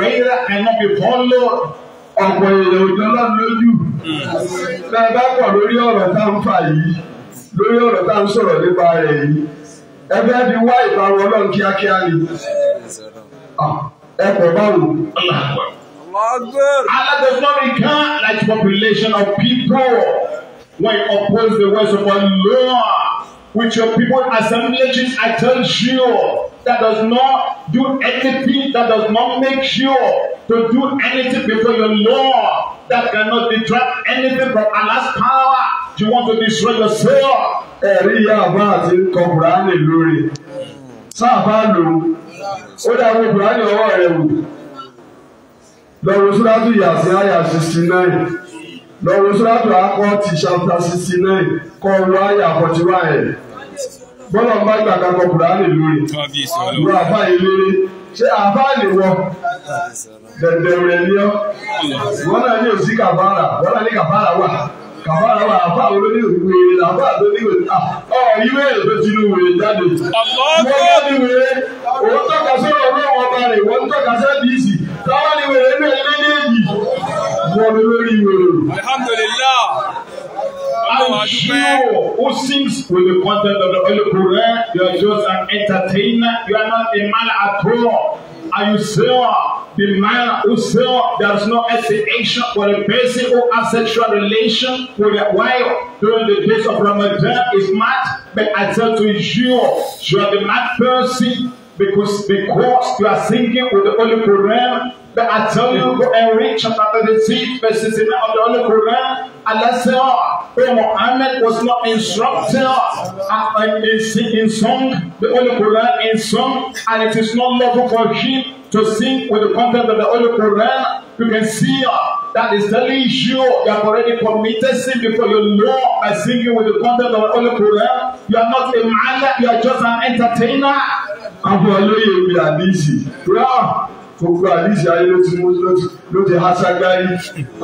Speaker 1: cannot be followed. Ọ̀pọ̀ èrè òjò lọ́nà lójú. Bẹ́ẹ̀ bá pọ̀ lórí ọ̀rọ̀ tá ń fà yìí, lórí ọ̀rọ̀ tá ń sọ̀rọ̀ nípa rẹ̀ yìí. Ẹ fẹ́ fi wá ìbáwọ̀ ọlọ́run kíákíá ni. Ẹ pọ̀ báwo. Allah does not regard like population of people when oppose the words of Allah with your people assemblages, I tell you that does not do anything, that does not make sure to do anything before your Lord, that cannot detract anything from Allah's power. You want to destroy yourself. Ẹ̀rí àbá àti nǹkan Bùránì lórí. Sáàbá lò ó. dàbí Bùránì ọwọ́ rẹ̀ wò. Lọ́rùn Súrájú Yàsí Àyà sixty nine lọ́wọ́ sọ́dọ̀tò akọ́ọ̀tì chapter sixty nine kọ́ wáyà forty one bọ́lá ń bá gbà kankan kùránì lórí lu àbá yìí lórí ṣé àbá lè wọ dẹ̀dẹ̀rẹ̀ ni ọ́ wọ́n náà ní òsì kàbárà wọ́n náà ní kàbárà wà kàbárà wà àbá olóní wèrè àbá àtòní wèrè ọ̀ ìwé èdè tí inú wèrè jáde wọ́n náà ní wèrè òun tọ́ka sọ́dọ̀ ọlọ́wọ́ ọba rẹ̀ wọ́n tọ́ka sẹ́ẹ̀dì ìsì táwọn ní wèrè ní ẹ̀mí ní èyí. Alhamdulillah. ní lórí Sure, who sings with the content of the Holy Quran, you are just an entertainer, you are not a man at all. Are you sure? The man who sure there is no hesitation for a person who has sexual relation with a wife during the days of Ramadan is mad, but I tell to you, you are the mad person because because you are singing with the Holy Quran. But I tell you, go and read chapter 36, verse 16 of the Holy Quran. Allah said, oh, Muhammad was not instructed and ah, ah, in, in song, the Holy Quran in song, and it is not lawful for him to sing with the content of the Holy Quran. You can see uh, that is telling you you have already committed sin before your law by singing with the content of the Holy Quran. You are not a man, you are just an entertainer àwọn olóyè mi àdìsí rà gbogbo àdìsí ayé ló ti mú ló ti hasagbárí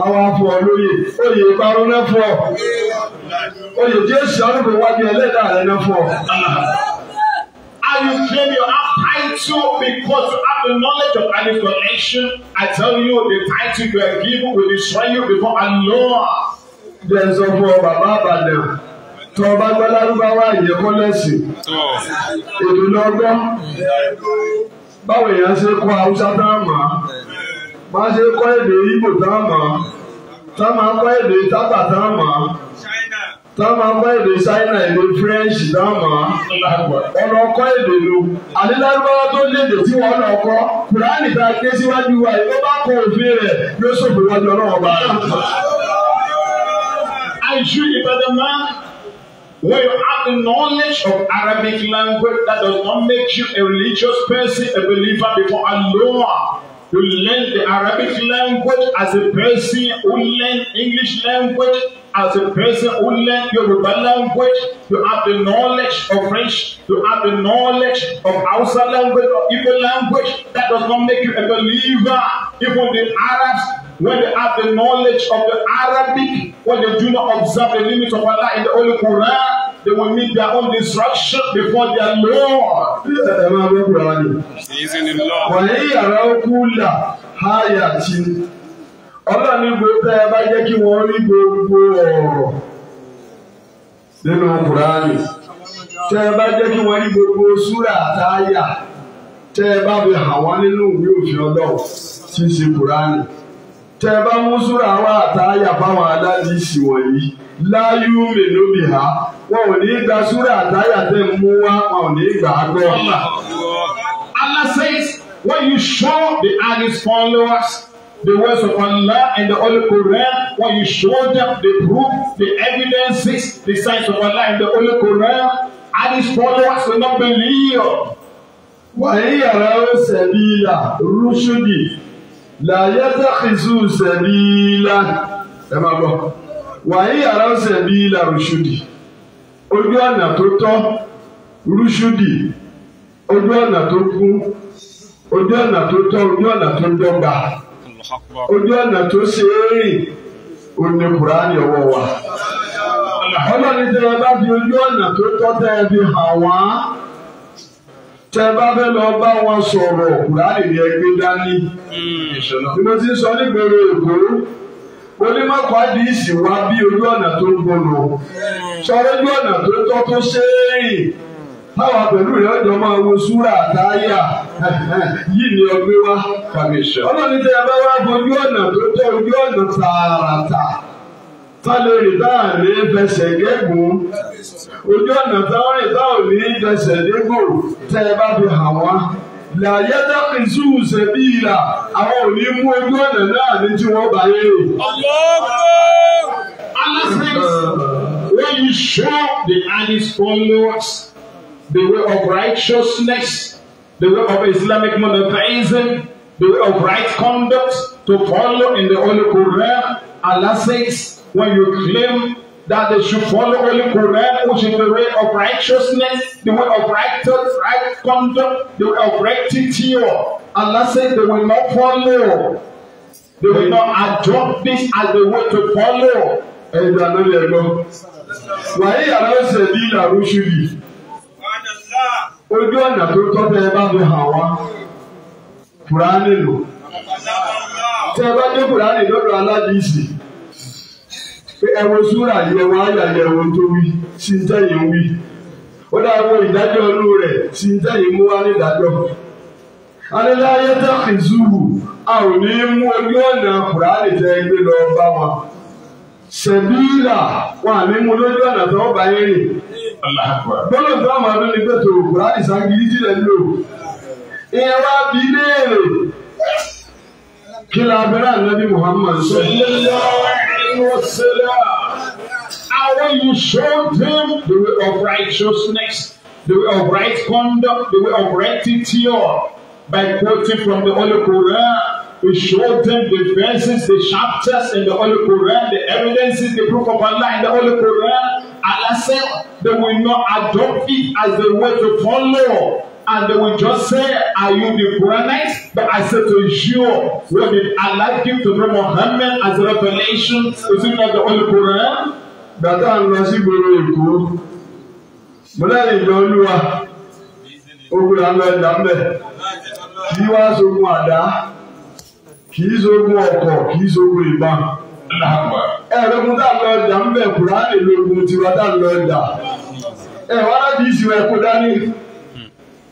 Speaker 1: àwọn afọ olóyè oyè ìparun náà fọ oyè jésù ọlọ́pàá wájú ẹlẹ́dàá rẹ náà fọ. Are you claim your title because you have the knowledge of any connection. I tell you, the title you are given will destroy you before Allah. Then so for Baba Baba tó o bá gbọ́ lárúbáwá ìyẹ́kọ́ lẹ́sìn èdè lọ́gbọ́ báwo èèyàn ṣe kọ́ haúsá tá a mọ̀ má ṣe kọ́ èdè Ìgbò tá a mọ̀ tá a máa kọ́ èdè tábà tá a mọ̀ tá a máa kọ́ èdè Ṣáínà èdè French tá a mọ̀ ọ̀nà ọkọ́ èdè ló àní lárúbáwá tó léde tí wọ́n lọ kọ́ Kùránì tá a ké síwájú wa ìwọ bá kọ òfin rẹ̀ yóò ṣòfò wájú ọlọ́wọ́ bá rẹ̀. àìsú Ìbàdàn máa. When you have the knowledge of Arabic language, that does not make you a religious person, a believer before Allah. You learn the Arabic language as a person who learn English language, as a person who learn Yoruba language. You have the knowledge of French. You have the knowledge of Hausa language or Igbo language. That does not make you a believer. Even the Arabs, when they have the knowledge of the Arabic, when they do not observe the limits of Allah in the Holy Quran, they will meet their own destruction before their Lord. He's in the law. gbogbo ẹ bá jẹ́ kí wọ́n rí gbogbo ọ̀rọ̀ nínú Kùránì. Tẹ́ ẹ bá jẹ́ kí wọ́n rí gbogbo súrà àtàyà. Tẹ́ ẹ bá fi hàn wá nínú ìwé òfin ọlọ́run tí Kùránì tẹ bá mú súra wá àtàyà fáwọn aládìsí wọ̀nyí láyú mélòmí ha wọn ò ní gba súra àtàyà tẹ mú wá wọn ò ní gbà á gbọ́. Allah says when you show the hadith followers the words of Allah and the Holy Quran when you show them the proof the evidences the signs of Allah and the Holy Quran and followers will not believe. wàyí yàrá ó sẹ̀bi yà rúṣùdì làyẹ́tà kìsù sẹ̀bíìlà ẹ máa bọ̀ wàyí yàrá sẹ̀bíìlà rùṣùdì ojú ọ̀nà tó tọ́ rùṣùdì ojú ọ̀nà tó kún ojú ọ̀nà tó tọ́ ojú ọ̀nà tó dọ́gba ojú ọ̀nà tó ṣe é rìn òní kùránì ọwọ́ wa ọlọ́run tí wọ́n bá fi ojú ọ̀nà tó tọ́ tẹ́ ẹ fi hàn wá tẹ bá fẹ́ lọ bá wọn sọ̀rọ̀ kùránì ni ẹ gbé dání. ìlú hmm, ti ń sọ nígboro èkó onímọ̀kọ́ àdìsí wa bí ojú ọ̀nà tó gbòòrò hmm. sọ̀rọ̀ ojú ọ̀nà tó tọ́ tó ṣéèrìn táwọn pẹ̀lú rẹ̀ ọjọ́ máa wo súrà táyà yìí ni ọgbẹ́ wa. ọlọ́run tẹ ẹ bá wá bojú ọ̀nà tó tọ́ ojú ọ̀nà tààràtà. Fálẹ̀ rìn fẹsẹ̀ gégùn. Ojú ọ̀nà táwọn rìn ò ní fẹsẹ̀ gégùn tẹ́ ẹ bá fi hàn wá. Làyé dákì zúù ṣẹ̀bí ìlà, àwọn ò ní mú ojú ọ̀nà náà ní tí wọ́n bá yé. Allah says, when you show the eyes followers the way of righteousness, the way of Islamic monotheism, the way of right conduct to follow in the Holy Quran, Allah says, when you claim that they should follow only Quran, which is the way of righteousness, the way of right thoughts, right conduct, the way of rectitude. Allah said they will not follow. They will not adopt this as the way to follow. Ẹ̀yin àná lè lọ. Wàyí àná ṣe bí ìlànà ṣubì. Ojú ọ̀nà tó tọ́ tẹ ẹ bá fi hàn wá. Kùránì lò. Tẹ ẹ bá dé Kùránì lọ́dọ̀ aládìsí ẹ wo súrà yìí ẹ wo àyà yìí ẹ wo tó wí sí ń tẹ̀yìn wí ó dáa wo ìdájọ́ ọlú rẹ̀ sí ń tẹ̀yìn mú wá ní ìdájọ́. alẹ́láyé tá à ń zúwù a ò ní mú ojú ọ̀nà kùránì tẹ ẹgbẹ́ lọ bá wọn. sẹ̀bíìlà wà ní mú lójú ọ̀nà tó bá yẹn rìn. gbọ́dọ̀ tó àwọn ọdún ní pẹ̀tọ̀ kùránì sangiri jílẹ̀ ń lò. ìyẹn wá bí léèrè kí la abẹ́rẹ́ Muhammad وسلام how when you showed him the way of righteousness, the way of right conduct, the way of rectitude, by quoting from the Holy Quran, we showed them the verses, the chapters in the Holy Quran, the evidences, the proof of Allah in the Holy Quran. Allah said they will not adopt it as the way to follow and they will just say, Are you the Quranites? But I said to you, what did Allah give to bring Muhammad as a revelation? Is it not the Holy Quran? Bàtà ń lọ sí gbòòrò Èkó. Mo lẹ́yìn ìjọ Olúwa. Ogun là ń lọ ẹ̀dá ń bẹ̀. Kì í wá sógun àdá. Kì í sógun ọkọ̀. Kì í sógun ìbọn. Ẹ̀ẹ́dẹ́gun tá a lọ ẹ̀dá ń bẹ̀. Kùránì lógun tiwa tá a lọ ẹ̀dá. Ẹ̀wọ́n á bí ìsìnkú dání.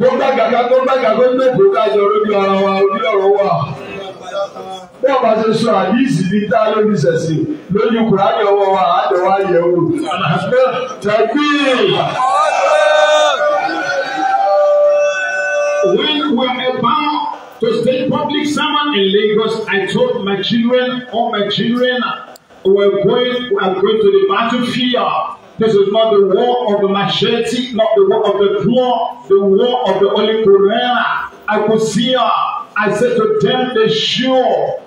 Speaker 1: kó gbàgàgà kó gbàgà kó gbèbò ká yọ lórí ara wa orí ọ̀rọ̀ wa. bí ọba ṣe sọ àdìsí ní tá lórí ìṣẹ̀sìn lójú kùránì ọwọ́ wa àádọ́wà yẹ̀ wò. When we are about to state public sermon in Lagos, I told my children, all my children, were going, we are going to the battlefield. This is not the war of the machete, not the war of the claw, the war of the Holy Quran. I could see her. I said to them, they sure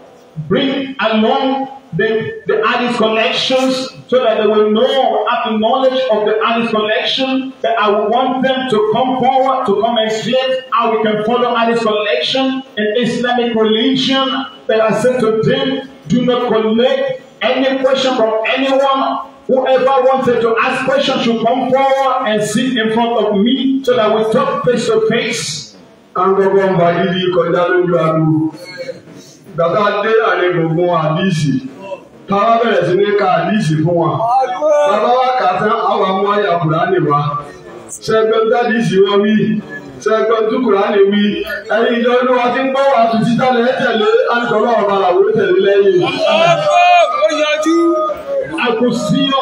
Speaker 1: bring along the, the Alice collections so that they will know, have the knowledge of the Alice collection, that I want them to come forward, to come and explain how we can follow Alice collection in Islamic religion. That I said to them, do not collect any question from anyone Whoever wanted to ask questions should come forward and sit in front of me so that we talk face to face. Àǹgọ̀gọ̀ ń ibi kọjá lójú àlù. Gbàtà dé àárín gbogbo àdìsí. Táwa bẹ̀rẹ̀ sí ní ka àdìsí fún wa. Bàbá wa kà tán àwọn amú àyà Kùránì wa. Ṣẹ́gbẹ́ dádìsí wọn wí. Ṣẹ́gbẹ́ tún Kùránì wí. Ẹni ìjọ inú wa ti ń gbọ́ wa tù títà lẹ́tẹ̀lé. Àǹtọ̀lọ́ ọ̀bàlà wò tẹ̀lé lẹ́yìn. Ọ̀pọ̀ ó yanjú. I could see you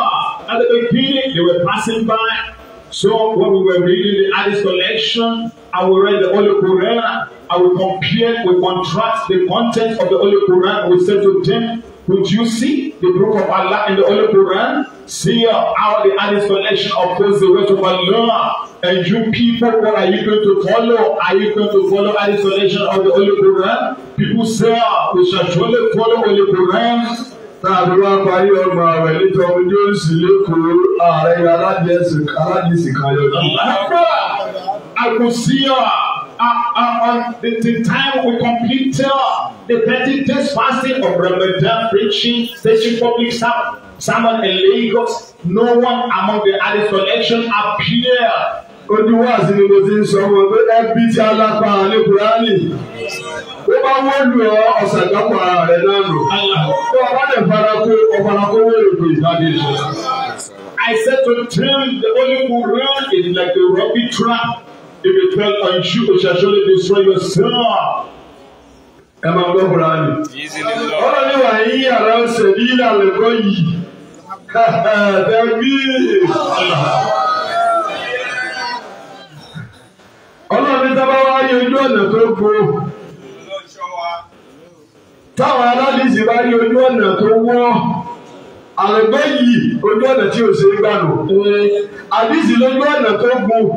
Speaker 1: at the beginning, they were passing by. So when we were reading the Addis collection, I will read the Holy Quran, I will compare, we contrast the content of the Holy Quran, we say to them, Would you see the book of Allah in the Holy Quran? See how the Addis collection opposes the word of Allah. And you people, what are you going to follow? Are you going to follow Addis collection of the Holy Quran? People say, ah, We shall surely follow Holy Quran táàbí wá parí ọgbà rẹ̀ níjọ ojú oríṣi lẹ́kọ̀ọ́ ààrẹ aládìsí kayọ̀dá. Àkùsíyọ̀ on the, the time we complete uh, the thirty days fasting of Ramadan preaching, teaching public sermon in Lagos, no one among the other collection appeared ó ní wáàsí ni mo ti ń sọ wọn pé ẹbí tí alápá ní kúránì ó bá wọ́n lù ọ̀sẹ̀ lọ́pọ̀ rẹ̀ náà nù. tó o bá dẹ̀ farakó o farakó wọ́n èdè ìjáde rẹ̀. I said to tell the only who is like a rubbish trap. If it fell on you, it shall surely destroy yourself ẹ máa gbọ́ Kùránì.
Speaker 2: ọ̀rọ̀ ni wàá yí àrà
Speaker 1: ọ̀sẹ̀ ní ìlànà ẹ̀kọ́ yìí. tẹ̀gbí. ọlọ́run ní sábà wá rí ojú ọ̀nà tó gbó táwọn aláàlísì bá rí ojú ọ̀nà tó wọ́ àrẹ̀gbẹ́ yìí ojú ọ̀nà tí o ṣe é gbà nù. àdìsí lójú ọ̀nà tó gùn.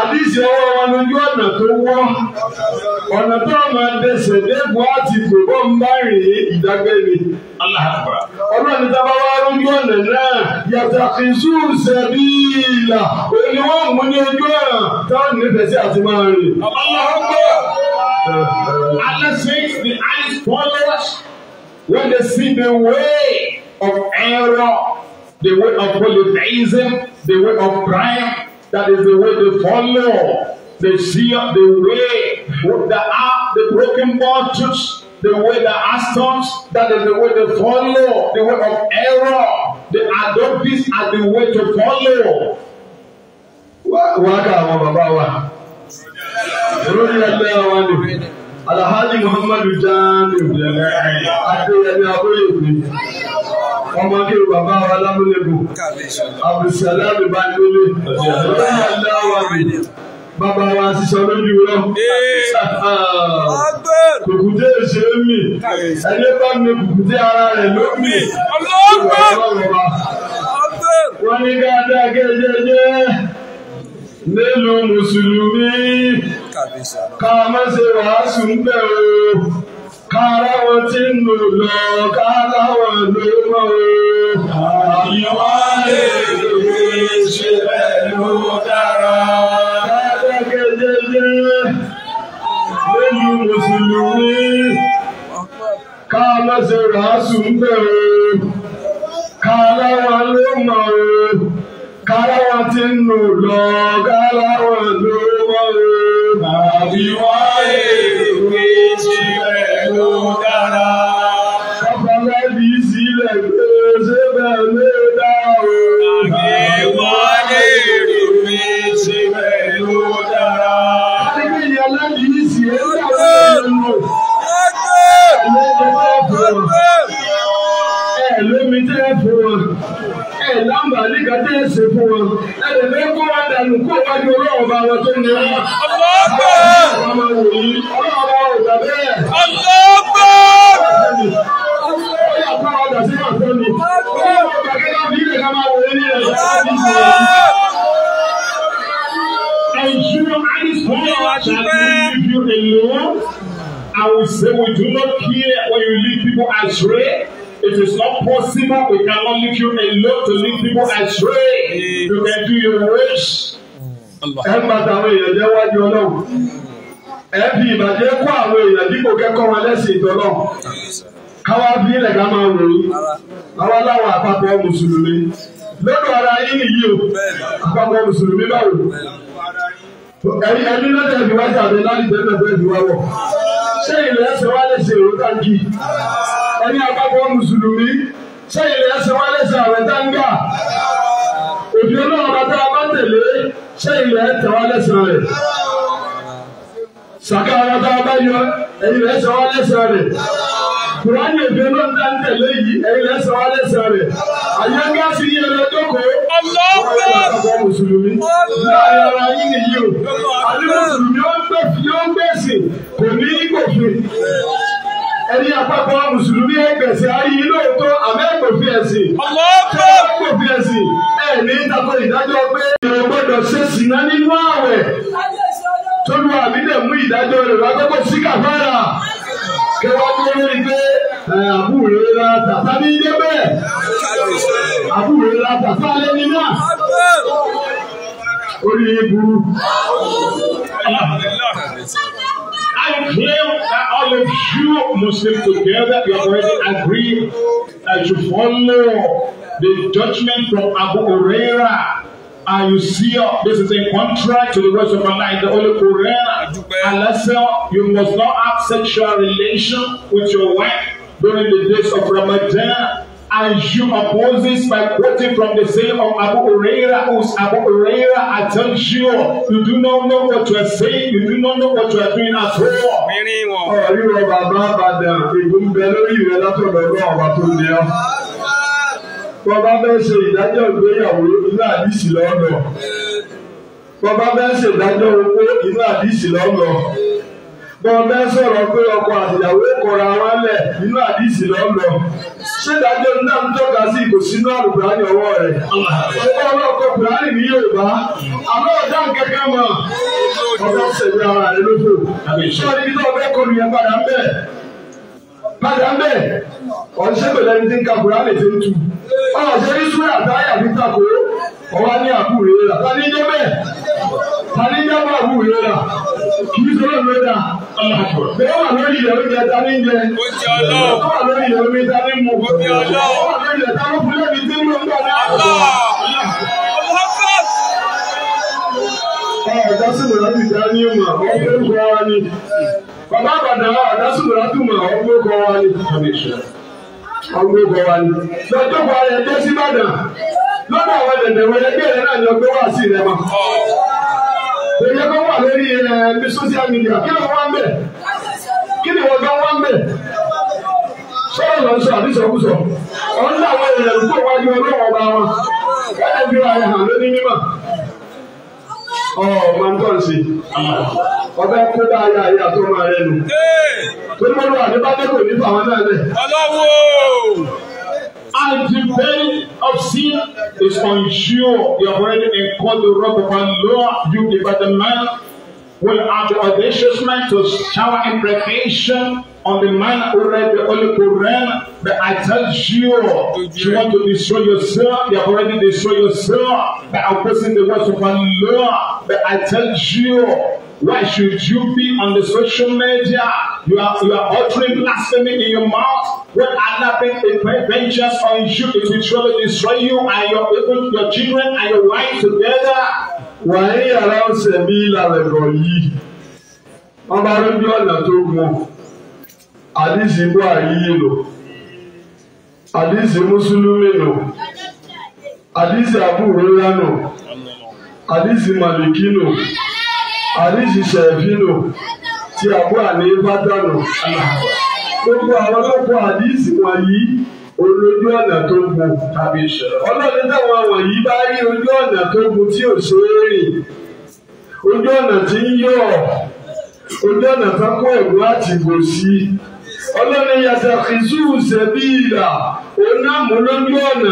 Speaker 2: àdìsí ọwọ́
Speaker 1: wọn lójú ọ̀nà tó wọ́.
Speaker 2: ọ̀nà tó máa dẹsẹ̀
Speaker 1: dẹ́gun àti gbogbo ń bá rìn ìdágbé ni. ọlọ́ni tábà lójú ọ̀nà náà yàtọ̀ ìṣú ṣẹ̀bí ìlà òní ní ojú ọ̀nà táwọn nífẹ̀ẹ́ sí àti máa rìn. Allah Allah. Allah says the eyes When they see the way of error, the way of polytheism, the way of crime, that is the way they follow. They see the way with the, the broken bottles, the way the Astons, that is the way they follow, the way of error. They adopt this as the way to follow. Wá wá ká àwọn bàbá wa. Olórí ẹgbẹ́ wa nìyí alahali muhammadu jamiu adéyẹmí abóyèmí ọmọ kí baba wa lámúlẹ̀bù abdulsalami bandele ọlọ́wà mi bàbá wa sísọ lójú rẹ kùkùté èsè mi ẹni bá mi kùkùté ara rẹ lómi wọ́n ní ká dá kéjẹjẹ nílùú mùsùlùmí ká má ṣe wàásù ń bẹ̀ o kára wọn ti ń lò lọ kára wọn lò mọ́ o. àyíwá lè lè ṣe pẹ̀lú dára. dákẹ́kẹ́ jẹ́jẹ́ mùsùlùmí ká wàásù ń bẹ̀ o kára wọn lò mọ́ o káláwá ti ń lò lọ káláwá ló wọ́n o. àbí wáyé ìwé sílẹ̀ ló dára. kápá bẹ́ẹ̀ bí sílẹ̀ pé ṣé bẹ́ẹ̀ àǹfààní kan tẹ́ fún wọn ẹ lè fẹ́ kó dànù kó wájú ọlọ́wọ́ bá wọn tó ní wọn. ọlọ́gbọ́. ọmọ wòlíì ọlọ́wọ́ bá wọn gbà bẹ́ẹ̀. ọlọ́gbọ́. And you, eyes, that leave you alone. I will say we do not care when you lead people astray. It is not possible. We cannot leave you alone to lead people astray. You can do your wish. Ẹ pàtàkì àwọn èèyàn jẹ́ wájú Ọlọ́run. Ẹ fi ìbàjẹ́ kó àwọn èèyàn dípò kẹ́kọ̀ọ́ wọn lẹ́sìn ìtọ́lọ́. Káwá bí ilẹ̀ ká máa wò ó. Àwọn aláwọ̀ àpapọ̀ Mùsùlùmí. Lọ́dọ̀ ara yín nìyí o. Àpapọ̀ Mùsùlùmí báwo? Ẹ̀yin ẹbí náà tẹ̀sí wájú àbẹ̀ láti tẹ̀sí wájú àbẹ̀ wọ̀. Ṣé ilẹ̀ ẹsẹ̀ wá lè ṣe èrò táǹkì? ní àpapọ̀ mùsùlùmí sẹ́yìn lè ẹsẹ̀ wọn lẹ́sẹ̀ àwẹ̀ dáńgà òbí ọlọ́run bàtà bá tẹ̀lé sẹ́yìn lè tẹ̀ wọn lẹ́sẹ̀ rẹ̀ sàkà wọn bá yọ ẹ̀yìn lè ẹsẹ̀ wọn lẹ́sẹ̀ kùránì òbí ọlọ́run bá tẹ̀lé yìí ẹ̀yìn lè ẹsẹ̀ wọn lẹ́sẹ̀ àyànká sì ní ẹ̀rọ ẹ̀dọ́kọ̀ ọlọ́pàá mùsùlùmí láàrin ara yín nìyí o àdéhùn mùsùlùmí ó ń gbèsè kò ní í gbòfin ẹni àpapọ̀ mùsùlùmí ẹgbẹ̀sẹ̀ ayé lóòótọ́ àmẹ́kòfin ẹ̀sìn. ọlọ́pẹ́ àmẹ́kòfin ẹ̀sìn ẹ̀ ní tako ìdájọ́ pé èrò gbọ́dọ̀ ṣe sìnà nínú ààwẹ̀. tólú àbídẹ̀ mú ìdájọ́ rẹ̀ wá gbọ́dọ̀ sí kàfàrà. kẹwàá tó lórí pé àbúrẹ́ra tàtà ní ilé bẹ́ẹ̀. àbúrẹ́ra tàtà lẹ́ni náà. orí burú. I claim that all of you Muslims together, you already agree that you follow the judgment from Abu Huraira. And you see, uh, this is in contrast to the rest of Allah in the Holy Quran. Unless uh, you must not have sexual relation with your wife during the days of Ramadan. As you oppose this by quoting from the saying of Abu Huraira, whose Abu Huraira I tell you, you do not know what you are saying, you do not know what you are doing at all. Ọ̀rí rẹ̀ bàbá Àbàdàn ìgbóngbẹ lórí rẹ̀ látọ̀dọ̀ ọgbọ́n àwa tó ní ọ. Bọ́lá bẹ́ẹ̀ ṣe ìdájọ́ ìgbéyàwó inú àdìsí lọ́nà. Bọ́lá bẹ́ẹ̀ ṣe ìdájọ́ owó inú àdìsí lọ́nà. bọ́ọ̀bẹ sọ̀rọ̀ pé ọkọ àtìyàwó kọrọ wọn lẹ̀ nínú àdìsí lọ́lọ́ ṣé dájọ́ náà ń tọ́ka sí kò sínú àlùkùránì ọwọ rẹ̀ ọkọ ọlọ́kọ̀ ní Yorùbá àmọ́ ọ̀dà ara lóko kọlu yẹn padà
Speaker 2: ń padà
Speaker 1: ń ti ń ka ti ń tu ọwọ́ ní àbúrò rẹ̀ rà tani jẹ́ bẹ́ẹ̀ tani jẹ́ bá àbúrò rẹ̀ rà kì í sọ̀rọ̀ mi rà bẹ́ẹ̀ wà lórí ilẹ̀ oúnjẹ tani jẹ wà lórí ilẹ̀ omi tani mu wà lórí ilẹ̀ tani fúlẹ̀ mi tí mo ń bọ̀ náà ọ̀dásùmọ̀lá ti dá ní ìmọ̀ àwọn orúkọ wa ni.
Speaker 2: Bàbá àbàdà ọ̀dásùmọ̀lá tún
Speaker 1: mọ̀ àwọn orúkọ wa ni. Àwọn orúkọ wa ni. Lọ́jọ́ bá yẹ dé sí Ìbàdàn
Speaker 2: lọ́dọ̀ àwọn dẹ̀dẹ̀ wẹlé bí ẹ̀rẹ́ náà ni ọgbẹ́ wá sí rẹ̀ mọ́.
Speaker 1: Èyí kan wà lórí ẹ̀mí eh, social media kí ni wọ́n ń bẹ̀?
Speaker 2: Kí ni wọ́n gan wọ́n ń bẹ̀?
Speaker 1: Sọ́rọ̀ lọ sọ àbí sọkúsọ. Ọ̀n ní àwọn èèyàn kó wájú ọlọ́wọ́ ọba wọn. Ẹ̀rẹ́ bí ara hàn ló ní mímọ̀. Ọ̀ máa ń tọ́ sí. Ọbẹ̀ kó bá ayé ayé àtọ́ máa rẹ̀ nù. Tó ní wọ́n lọ àdébájẹ́ kò ní fàwọn náà lẹ̀. Ọlọ́wọ́! And the pain of sin is unsure. you. have already in the wrath of Allah. You, the man, will have the audaciousness to shower imprecation on the man already only to run, but I tell you, if you want to destroy yourself, you have already destroyed yourself by opposing the words of Allah. But I tell you, why should you be on the social media? You are you are uttering blasphemy in your mouth. When Allah brings a vengeance on you, it will surely destroy you and your even your children and your wife together. Wàá yàrá ọ̀sẹ̀ mi lálẹ́ rọ̀ yìí. Ọba rẹ̀ bí ọ̀nà tó gùn. Hadisi Buhari nù hadisi Mùsùlùmí nù lo Abu Hurairah nù hadisi Maliki nù hadisi Shafi nù ti Abu Hanifa dànù gbogbo àwọn ọlọ́pàá hadisi wọ̀nyí olójú ọ̀nà tó bu tàbí ìṣẹ̀lẹ̀ ọlọ́run táwọn wọ̀nyí bá rí ojú ọ̀nà tó bu tí ò ṣe é rìn ojú ọ̀nà tí ń yọ̀ ojú ọ̀nà tó kó ẹ̀rú àtìgbò sí i ọlọ́ni yàtọ̀ kìsù sẹ́bìlà oná ọ̀nà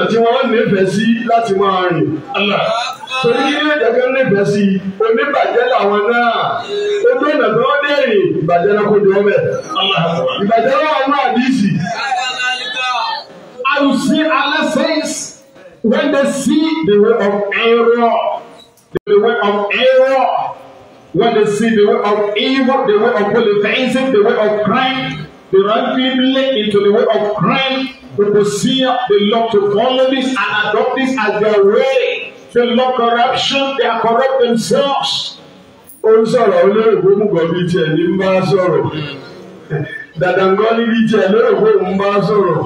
Speaker 1: tí wọ́n nífẹ̀ẹ́ sí láti máa rìn. torí ilé ìdájọ́ nífẹ̀ẹ́ sí oníbàjẹ́ làwọn náà ojú ọ̀nà tó wọ́n dẹ̀rìn ìbàjẹ́ náà kò jọ bẹ́ẹ̀. ìbàjẹ́ wà ní ìsì. I will say Allah says when they see the way of error the way of error when they see the way of evil the way of polytheism the way of crime. They rapidly into the way of crime to pursue the law to follow this and adopt this as their way. They love corruption, they are corrupt themselves. Ó ń sọ̀rọ̀ olórògbé mùgọ̀ bíi tiẹ̀ ní bá sọ̀rọ̀. Dàdàngọ́lì bíi tiẹ̀ lórògbé òun bá sọ̀rọ̀.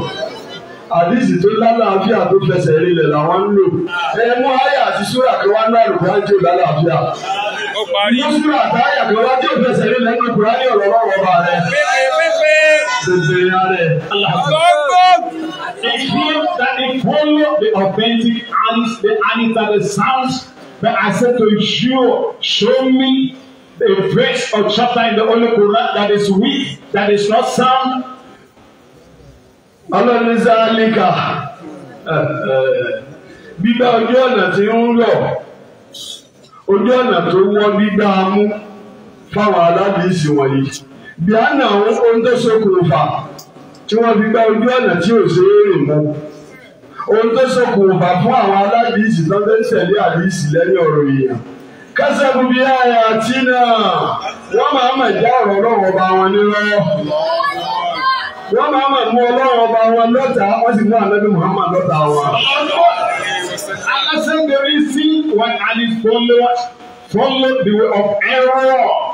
Speaker 1: Àdìsí tó lálàáfíà tó fẹsẹ̀ rinlẹ̀ làwọn ń lò. Ẹ mú àti súrà tó wá náà lùkọ́ àjò lálàáfíà. Mú súrà àtàyà tó wá jò fẹsẹ̀ rinlẹ̀ ní ọ̀rọ̀ ọ̀rọ̀ ọba rẹ̀ declared a that they follow the authentic Alice, the Alice the sounds. But I said to you, show me a verse or chapter in the Holy Quran that is weak, that is not sound. Ọlọ́run ní Sáálíkà gbígbá ojú ọ̀nà tí ń lọ ojú ọ̀nà tó wọ́n gbígbá amú fáwọn aládìísí wọ̀nyí. bíá náà ohun tó ṣokùnfà tí wọ́n fi gba ojú ọ̀nà tí ò ṣe é rìn mọ́ ohun tó ṣokùnfà fún àwọn aládìísì tó ń fẹ́ tẹ̀lé àdìísì lẹ́yìn ọ̀rọ̀ èèyàn kásẹ̀kù bíi àyà àti náà wọ́n máa mọ̀ ìjà ọ̀rọ̀ wọn ọba wọn wọ́n sì mú Muhammad sí wọn àlè the of error.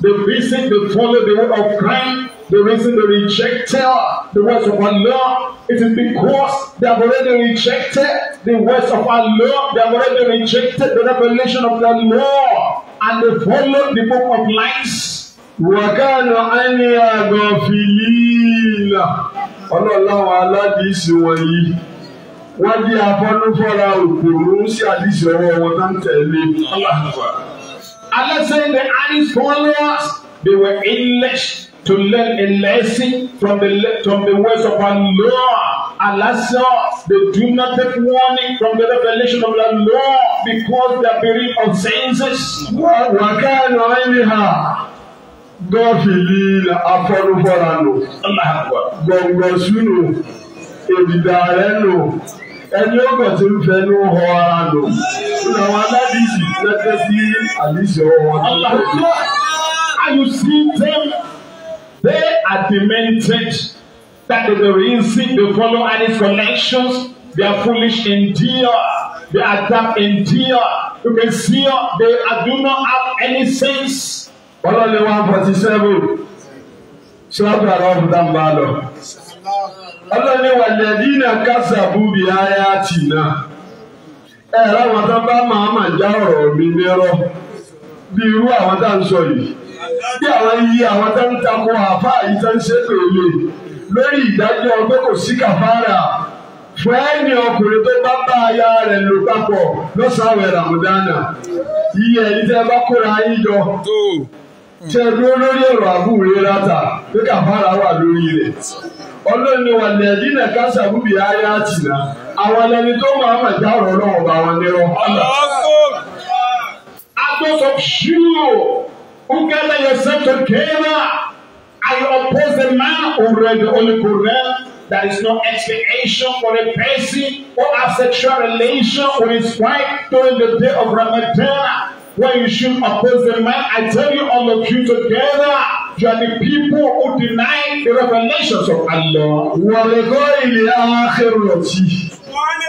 Speaker 1: the reason they follow the way of crime, the reason they rejected the words of Allah, it is because they have already rejected the words of Allah, they have already rejected the revelation of the law, and they follow the book of lies. Wàkàlà ànyì àgọ̀fìlìlà ọlọ́láwọ̀ aládìsí wọ̀nyí wọ́n di afọ́nufọ́ra òkùnrin sí àdìsí ọwọ́ wọn náà tẹ̀lé. Alexander and his followers, they were English to learn a lesson from the from the words of our Lord. Alas, they do not take warning from the revelation of the law because they are bereaved of senses. Wàkàrà ẹ̀yìnhà gọ́ọ̀fìlì afọ́nufọ́ra nù. Gbọ̀ngbọ̀sùn nù, èdìdà rẹ̀ nù ẹni ó kàn tó ń fẹnu họ ara lò nínú àwọn aládìsí tẹ́tẹ́ sí àdìsí ọwọ́ nílẹ̀. Are you seeing them? They are demented that they were in sin, they follow any connections, they are foolish indeed, they are dumb indeed, you can see uh, they are, uh, do not have any sense. Ọlọ́lẹ̀ one forty seven, ṣé wàá gbàgbọ́ ọ̀bùdá ń bá lọ? ọlọ́ni wàlẹ́dínà kásàbù bí aya tì náà ẹ láwọn tó bá máa máa já ọ̀rọ̀ mi nírọ̀ bí irú àwọn tá ń sọ yìí bí àwọn iye àwọn tó ń takò àfáà yìí tó ń ṣépè lè lórí ìdájọ́ pé kò sí kàfárà fún ẹni ọkùnrin tó bá bá aya rẹ̀ lò papọ̀ lọ́sàáwẹ̀ ràmùdánà iye ẹni tẹ́ bá kóra yín jọ tẹ́ dúró lórí ọ̀rọ̀ àbúrò rẹ̀ rátà pé kàfárà wà lórí rẹ̀ ọlọ́ni wà lẹ́yìn náà káṣà búbi ayé àtìná àwọn ẹni tó máa mọ̀ já ọ̀rọ̀ náà ọba wọn ní wọn. Those of you who gather yourself together, I oppose the man who read the Holy Quran. There is no expiation for a person who has sexual relation with his wife during the day of Ramadan. When you should oppose the man, I tell you all of you together. You are the people who deny the revelations of Allah. Wọ̀lẹ̀kọ́ ilé àwọn akéròtì. Wọ́n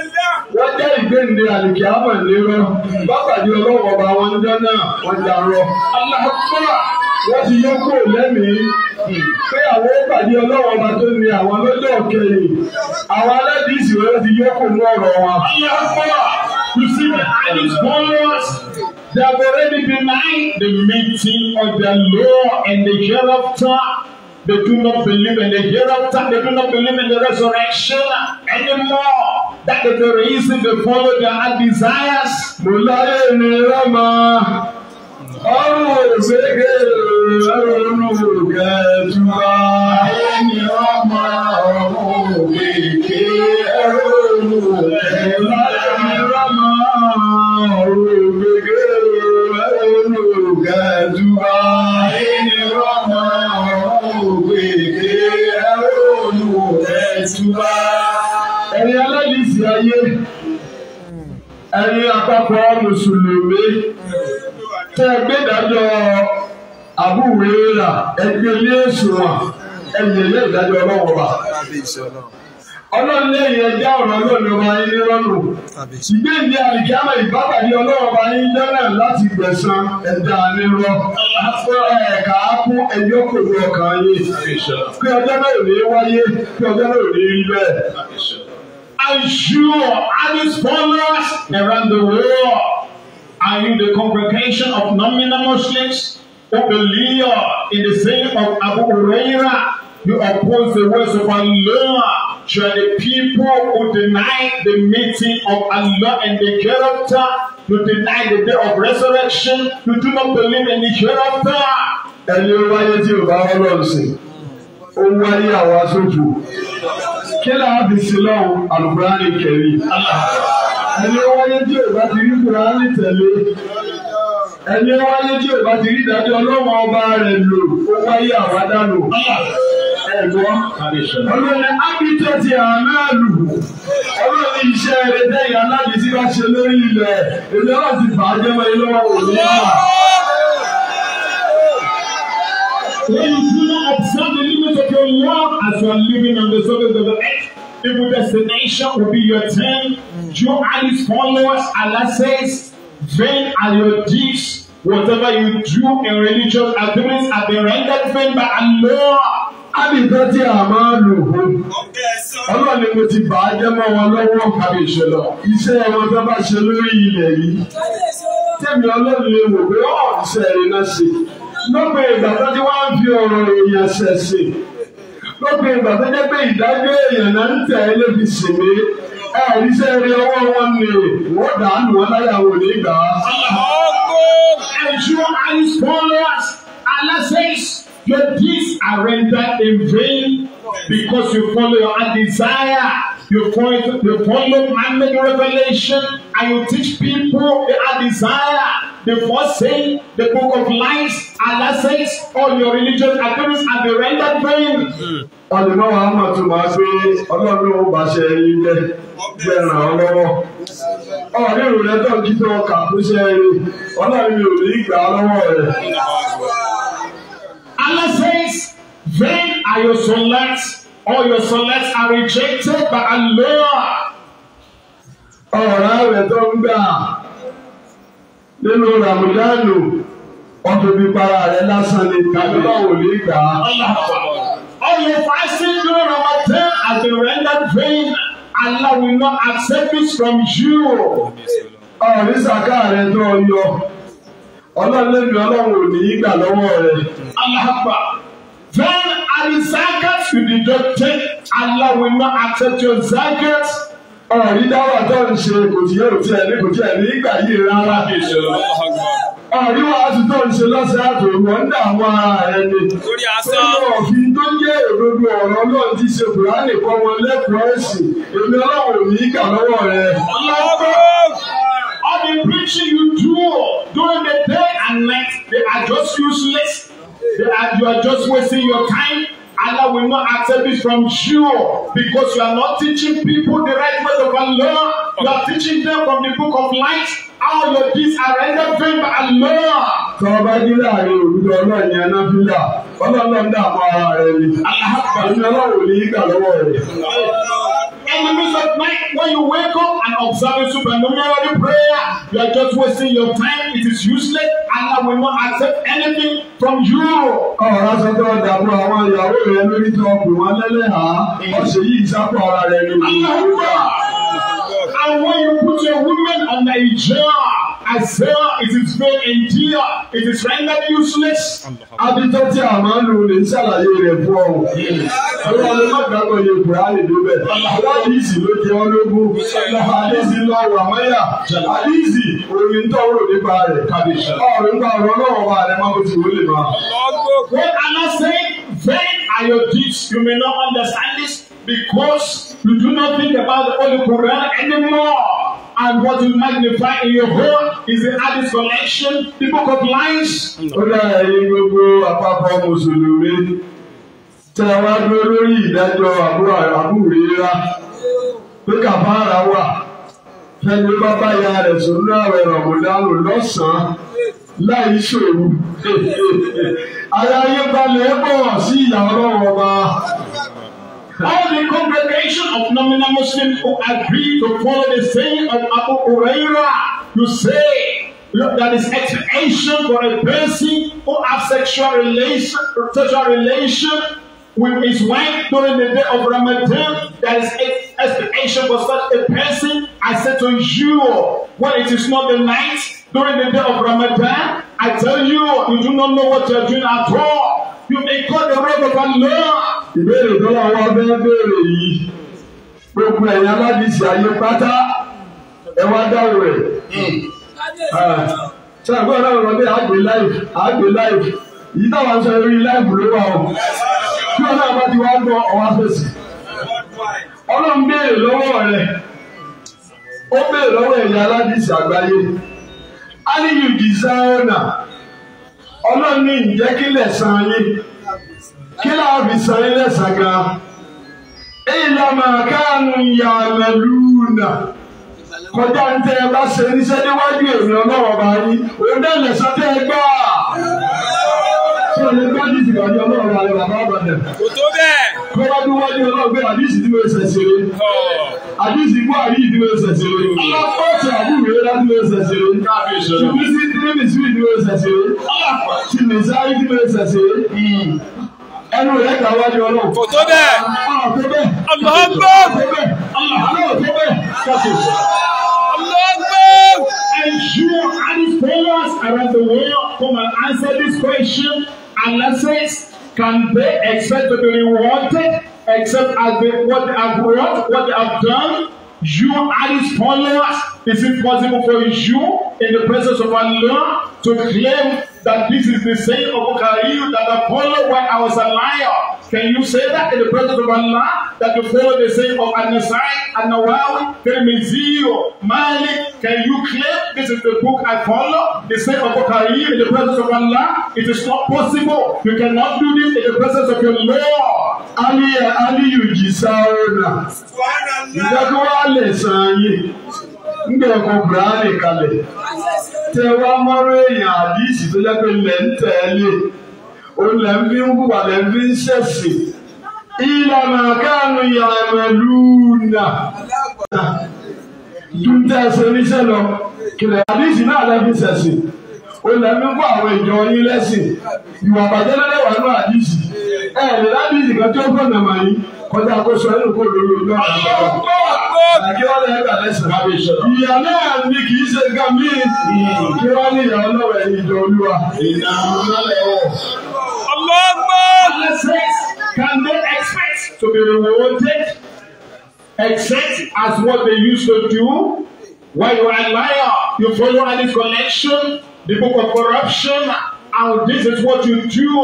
Speaker 1: jẹ́ ìgbéǹde àlùkí àmọ̀ lérò. Bákàdé ọlọ́wọ́ ọba wọn jọ náà wọ́n darọ.
Speaker 2: Aláàbúrà wọ́n
Speaker 1: ti yọ kúrò lẹ́mìí. Pé àwọn ìpàdé ọlọ́wọ́ ọba tó ní àwọn lọ́jọ́ kẹyìn. Àwọn aládìsí wọn ti yọ kúrò ọ̀rọ̀ wọn. Aláàbúrà you see the eyes They have already denied the meeting of the law and the hereafter. They do not believe in the hereafter. They do not believe in the resurrection anymore. That is the reason they follow their desires. Mùláyé ni Rámà, ọ̀rùn òṣèké, ẹ̀rọ inú òkè ẹ̀túwá. ayé ẹ̀yin àpapọ̀ mùsùlùmí tẹ́ ẹ gbé dájọ́ àbúwéèrà ẹgbẹ́ ilé ìṣùwọ̀n ẹ̀yìn ilé ìdájọ́ ọlọ́wọ́ wa. Ọlọ́run lẹ́yìn ẹja ọ̀rọ̀ lónìí ọba yín ní rọ́nù. Ṣùgbọ́n ìdí àlìkámẹ́ ìbábà ní ọlọ́run ọba yín dáná láti gbẹ̀san ẹja nírọ̀. Afọ ẹ̀ka kún ẹyọ kòtò ọkàn yìí. Pé ọjọ́ náà ò ní wáyé, pé ọjọ́ náà ò ní rí bẹ́ẹ̀ and Abby's followers around the world. Are you the congregation of nominal Muslims who believe in the saying of Abu Huraira? You oppose the words of Allah. to the people who deny the meeting of Allah and the character. You deny the day of resurrection. You do not believe in the character. Ẹni ó wáyé tí ò bá wọ́n lọ́ọ̀ sí, ó kílà àbísílọ̀ àlùkùránì kẹrì ẹni wáyé tí ò bá ti rí kùránì tẹ̀lé ẹni wáyé tí ò bá ti rí ìdájọ́ ọlọ́wọ́n ọba rẹ̀ lò ó wáyé àwádànù ẹ̀gbọ́n ọlọ́ni ábítẹ́tì àmẹ́lù ọlọ́ni iṣẹ́ rẹ̀ dẹ́yìn aládìsí bá ṣe lórí ilẹ̀ èmi láti fà á jẹ́wọ́ ilé wọn ò ní wà will walk as you are living on the surface of the earth. Even destination will be your turn. You are his followers. Allah says, Vain are your deeds. Whatever you do in religious agreements have been rendered vain by Allah. Adìgbàtí àmàlùkù. Ọlọ́run ni mo ti bà á jẹ́ mọ́ wọn lọ́wọ́ kàbí ìṣẹ̀lọ̀. Iṣẹ́ wọn tó bá ṣe lórí ilẹ̀ yìí. Tẹ̀mí ọlọ́run lè wò pé ọ̀ iṣẹ́ rẹ̀ náà ṣe. Lọ́pọ̀ ìgbà tó ti wá ń fi ọ̀rọ̀ èèyàn ṣẹ̀ṣẹ̀ lópin ìgbà tó jẹ́ pé ìdájọ́ èèyàn náà ń tẹ̀ ẹ́ lébi sèmi ẹ̀rí sẹ́ẹ̀rí ọwọ́ wọn ni wọ́n dàánù wọn láyàwó nígbà. Ensure and his followers, Allah says, your deeds are rendered in vain because you follow your desire. You point, you follow and make revelation, and you teach people their desire. Before saying the book of lies, Allah says all your religious activities are the rendered vain. Àlùmọ́ wa máa tún máa gbé ọlọ́run ó bá ṣe ẹyin jẹ́ jẹ́ ràn án lọ́wọ́. Ọ̀rẹ́ ìrò rẹ̀ tán kí tó kà tó ṣe ẹyin, ọlọ́run ò ní gbà lọ́wọ́ rẹ̀. Allah says, vain are your solace. All your solace are rejected by Allah. Ọ̀rá rẹ̀ tó ń gbà nínú Ràmùdánù ọ̀tòbí para rẹ̀ lásán ni tàbí báwo lè gbà All your fasting during Ramadan has been rendered vain. Allah will not accept this from you. Ọ̀rí sàkà rẹ̀ tó yọ. Ọlọ́run lè bí ọlọ́run ò ní í gbà lọ́wọ́ rẹ̀. Alahakpa. Then and zakat you did not take Allah will not accept your zakat. ọ̀rí dáwà tó ń ṣe kò tí yóò tí ẹ̀ ní kò tí ẹ̀ ní ìgbà yìí rárá. ọ̀rí wa ti tó ń ṣe lọ́sẹ̀ àtò ìwọ̀n ń dààmú ara rẹ̀ ni. òfin tó jẹ́ òdodo ọ̀rọ̀ náà ti ṣe kùránì kọ́ wọn lẹ́kọ̀ọ́ ẹ̀sìn èmi ọlọ́run ní ìkà lọ́wọ́ rẹ̀. All the preaching you do during the day and night, they are just useless. You are just wasting your time. Allah will not accept it from you because you are not teaching people the right way of Allah. You are teaching them from the book of light how your deeds are rendered vain Allah. Tọ́ ọba gíga àárín òwúrọ̀ ní Anábílà, ọlọ́run náà dààmú ara rẹ̀ ni. Àlàáfíà ni ọlọ́run ní í lọ́wọ́ rẹ̀ in the midst of night when you wake up and observe a supernumerary prayer you are just wasting your time it is useless Allah will not accept anything from you. ọ̀rọ̀ sọ pé àwọn ìyàwó rẹ lórí tí wọ́n pè wọ́n lẹ́lẹ́hà ọ̀sẹ̀ yìí sápò ara rẹ lórí. and when you put your woman under a jar. Isaiah it is vain in Jia it is rendered useless. Abijọ́ tí a máa ń lò lè ṣàlàyé rẹ̀ fún ọ. Àwọn ọlọ́mọdàgbọ̀ yóò gbé àlè débẹ̀. Aládìsí ló jẹ́ ọlọ́gbọ́n. Aládìsí lọ wà mẹ́yà. Aládìsí omi ń tọ́wọ́ nípa rẹ̀. Ọ̀rọ̀ nípa ọ̀rọ̀ náà wà rẹ̀ máa ń ti wọlé máa. Wọ́n aláṣẹ vain are your deeds you may not understand this because you do not think about the Holy Quran anymore. And what you magnify in your home is the Addis collection, the book of lies. Ó dára yín gbogbo àpapọ̀ Mùsùlùmí. Tẹ wá dúró lórí ìdájọ́ àbúrò àbúrò ìlera. Pé kàfàrà wà. Fẹ́ni bá bá ya rẹ̀ sọ́nú àwẹ̀ Rọ̀mọ̀dánù lọ́sàn-án láì ṣòro. Ayáyé balẹ̀ bọ̀ sí ìyá ọba. All the congregation of nominal Muslims who agree to follow the saying of Abu Huraira, you say that is expiation for a person who has sexual relation, sexual relation with his wife during the day of Ramadan. That is expiation for such a person. I say to you, when it is not the night during the day of Ramadan, I tell you, you do not know what you are doing at all. You may call the wrath of Allah. Ìbéèrè tó wà wá bẹ́ẹ̀ béèrè yìí. Gbogbo ẹ̀yin aládìsí ayé pátá ẹ wá dáwọ̀ rẹ̀. Hmm. Ah, ṣé àgbọ̀n náà lọ bí àgbè láìf àgbè láìf? Yìí táwa ń sọ eré láìf ló wà o. Kí wọn náà bá ti wá gbọ́ ọwá fèsì. Ọlọ́run béèrè lọ́wọ́ rẹ̀. Ó béèrè lọ́wọ́ ẹ̀yin aládìsí àgbáyé aliyu jizayona ọlọ́run ní ǹjẹ́ kí lẹ̀sán yín kí láwọn fi san yín lẹ́sàn gan ìlànà káànù yàrá lùnà kọjá ń tẹ ẹ bá ṣe níṣẹ́ níwájú èmi ọlọ́wọ́ bá yín òun náà lẹ̀sán tẹ ẹ gbọ́ à tí o lè gbọ́ àdìsí ìgbàdí ọlọ́run bá lọ bàbá àbàdàn. kò tó bẹ́ẹ̀. kó wá bí wájú ọlọ́run pé àdìsí ti wọ́n ṣẹ̀ṣẹ̀ rẹ̀. àdìsí ìgbọ́ àrí ìdí wọ́n ṣẹ̀ṣẹ̀ rẹ̀. alákọ̀ọ́tì àbúrò rẹ̀ láti wọ́n ṣẹ̀ṣẹ̀ rẹ̀. tùbísí tírébìsì ìdí wọ́n ṣẹ̀ṣẹ̀ rẹ̀. tìmísáì ìdí wọ́n ṣẹ̀ṣẹ̀ rẹ̀. ẹnu rẹ̀ kà wájú ọlọ́run. kò tó bẹ́ẹ̀. And you and his followers around the world come and answer this question analysis can they expect to be rewarded except as they what they have wrought, what they have done? You are his followers. Is it possible for you in the presence of Allah to claim that this is the same of Bukhari that Apollo when I was a liar. Can you say that in the presence of Allah that you follow the same of An-Nasai, An-Nawawi, Tirmidhi, Malik? Can you claim this is the book I follow? The same of Bukhari in the presence of Allah? It is not possible. You cannot do this in the presence of your Lord. Ali Ali you Sarona.
Speaker 2: Ìjọba wa lè san
Speaker 1: yìí ńgbẹ ẹ̀kọ́ Kùránì kalẹ̀ tẹ wá mọ́rọ́ èèyàn àdìsí tó jẹ́ pé lẹ̀ ń tẹ̀lé o lẹ̀ ń fi ń hùwà lẹ̀ ń fi ń ṣẹ̀ṣì
Speaker 2: ìlànà káàánú ìyàrá
Speaker 1: ẹ̀mẹ̀lú nà dúntẹ́ ẹsẹ̀ oníṣẹ́ lọ kìlẹ̀ àdìsí náà lẹ́ fi ṣẹ̀ṣì o lẹ̀ ń fi ń kó àwọn ìjọ yín lẹ́sìn ìwà àbàjẹ́ lẹ́lẹ́wà náà àdìsí ẹ̀ lẹ́dàdìsí kan tí ó gbọ́dọ̀ mọ̀ yín kọjá kó sọ ẹnu kó lórí ọjọ́ Àkíwálé ẹgbẹ́ kì í ṣe nǹkan míì. Ìyá ní ìyá ọlọ́wẹ̀ ìjọ olúwa. Ìyá ọlọ́wẹ̀ can they expect to be rewarded except as what they used to do while you admire you follow any collection the book of corruption. And this is what you do.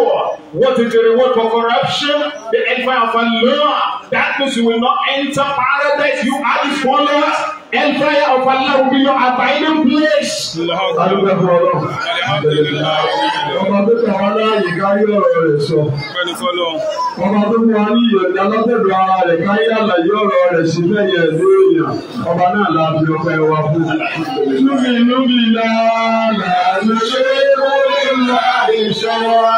Speaker 1: What is the reward for corruption? The empire of Allah. That means you will not enter paradise. You are the followers. Hellfire of Allah will be your abiding place. Alúgbà fún ọlọ́run. Ọmọ tó kàn wá láàyè káyé ọ̀rọ̀ rẹ̀ sọ. Ọmọ tó kàn wá ní ìyọ̀dá lọ́tẹ̀dọ̀ ara rẹ̀ káyé àlàyé ọ̀rọ̀ rẹ̀ sí lẹ́yìn ẹ̀dọ́ èèyàn. Ọba náà la fi ọpẹ́ wa fún. Núbì núbì lánàá ló ṣe é kó lè la ìṣọ́ra.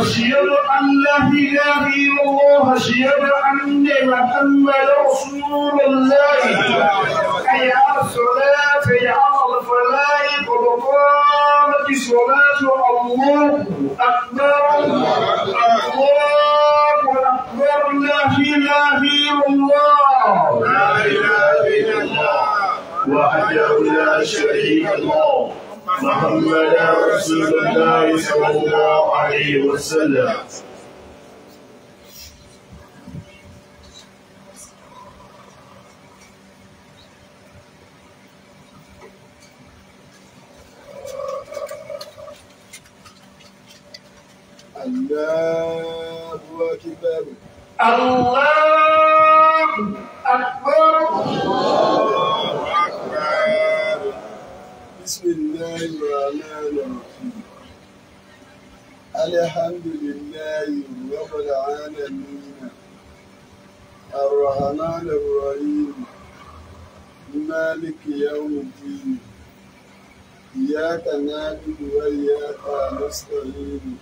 Speaker 1: أشهد أن لا إله إلا الله أشهد أن محمد رسول الله حي على الصلاة حي على الفلاح قد قامت الصلاة الله أكبر الله أكبر لا إله إلا الله لا إله إلا الله وحده لا شريك له محمدا رسول الله صلى الله عليه وسلم الله أكبر الله أكبر الله أكبر بسم الله الرحمن الرحيم الحمد لله رب العالمين الرحمن الرحيم مالك يوم الدين إياك نعبد وإياك نستعين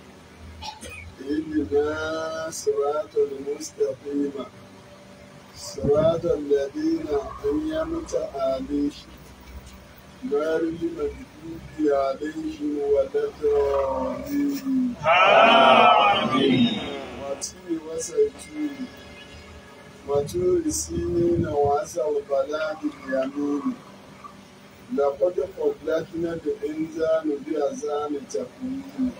Speaker 1: اهدنا صراط المستقيم صراط الذين أنعمت عليهم غير المكتوب عليه ولا الضالين آمين واتل وزيتون وطول سنين وعسى البلاغ اليمين لقد قبلتنا بالإنسان بأذان تقويم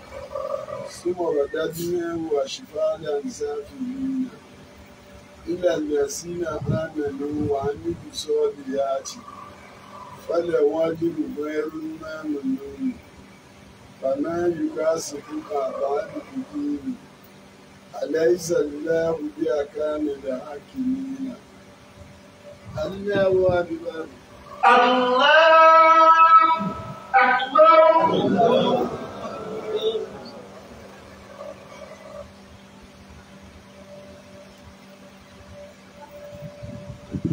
Speaker 1: ثم رددنا وشفاء سافلين إلى الذين آمنوا وعملوا الصالحات فالواجب غير ما ممنون فما يكاسبك بعد الدين أليس الله بأكان الحاكمين الله أكبر الله أكبر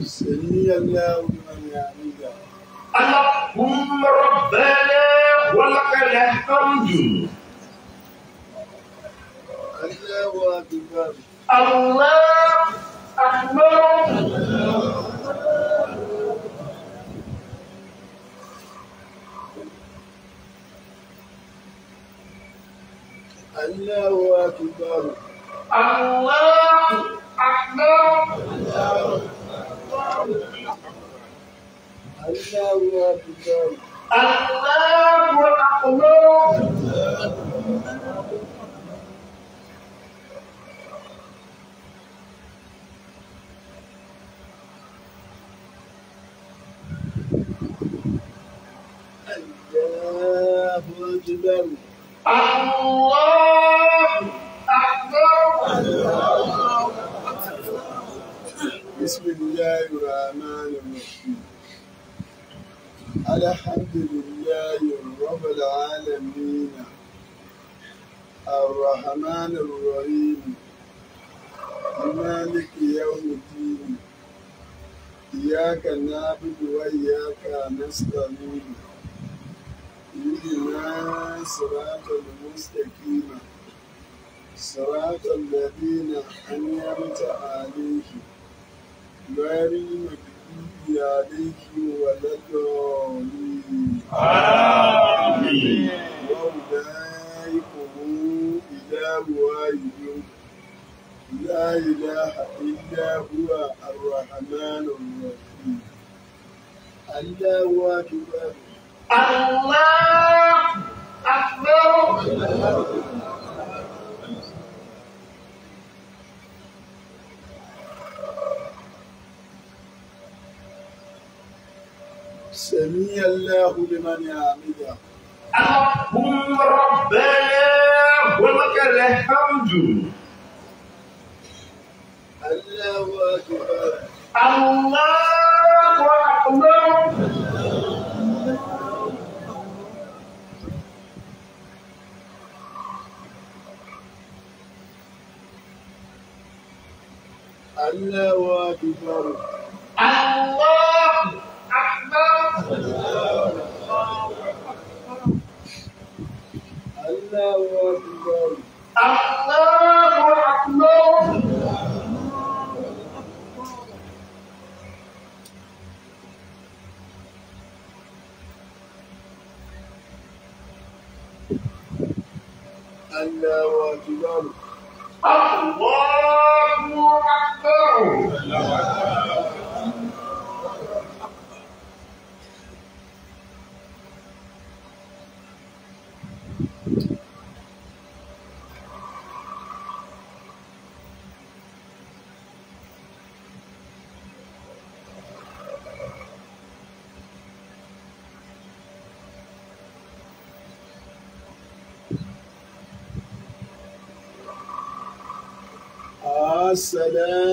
Speaker 1: سمي الله من يعني اللهم ربنا ولك الحمد الله أكبر الله أكبر الله أكبر الله
Speaker 2: أكبر
Speaker 1: الله أكبر الله أكبر الرحمن الرحيم مالك يوم الدين إياك نعبد وإياك نستعين اهدنا الصراط المستقيم صراط الذين أنعمت عليهم غير you love I love Jerome. Oh, what? Sada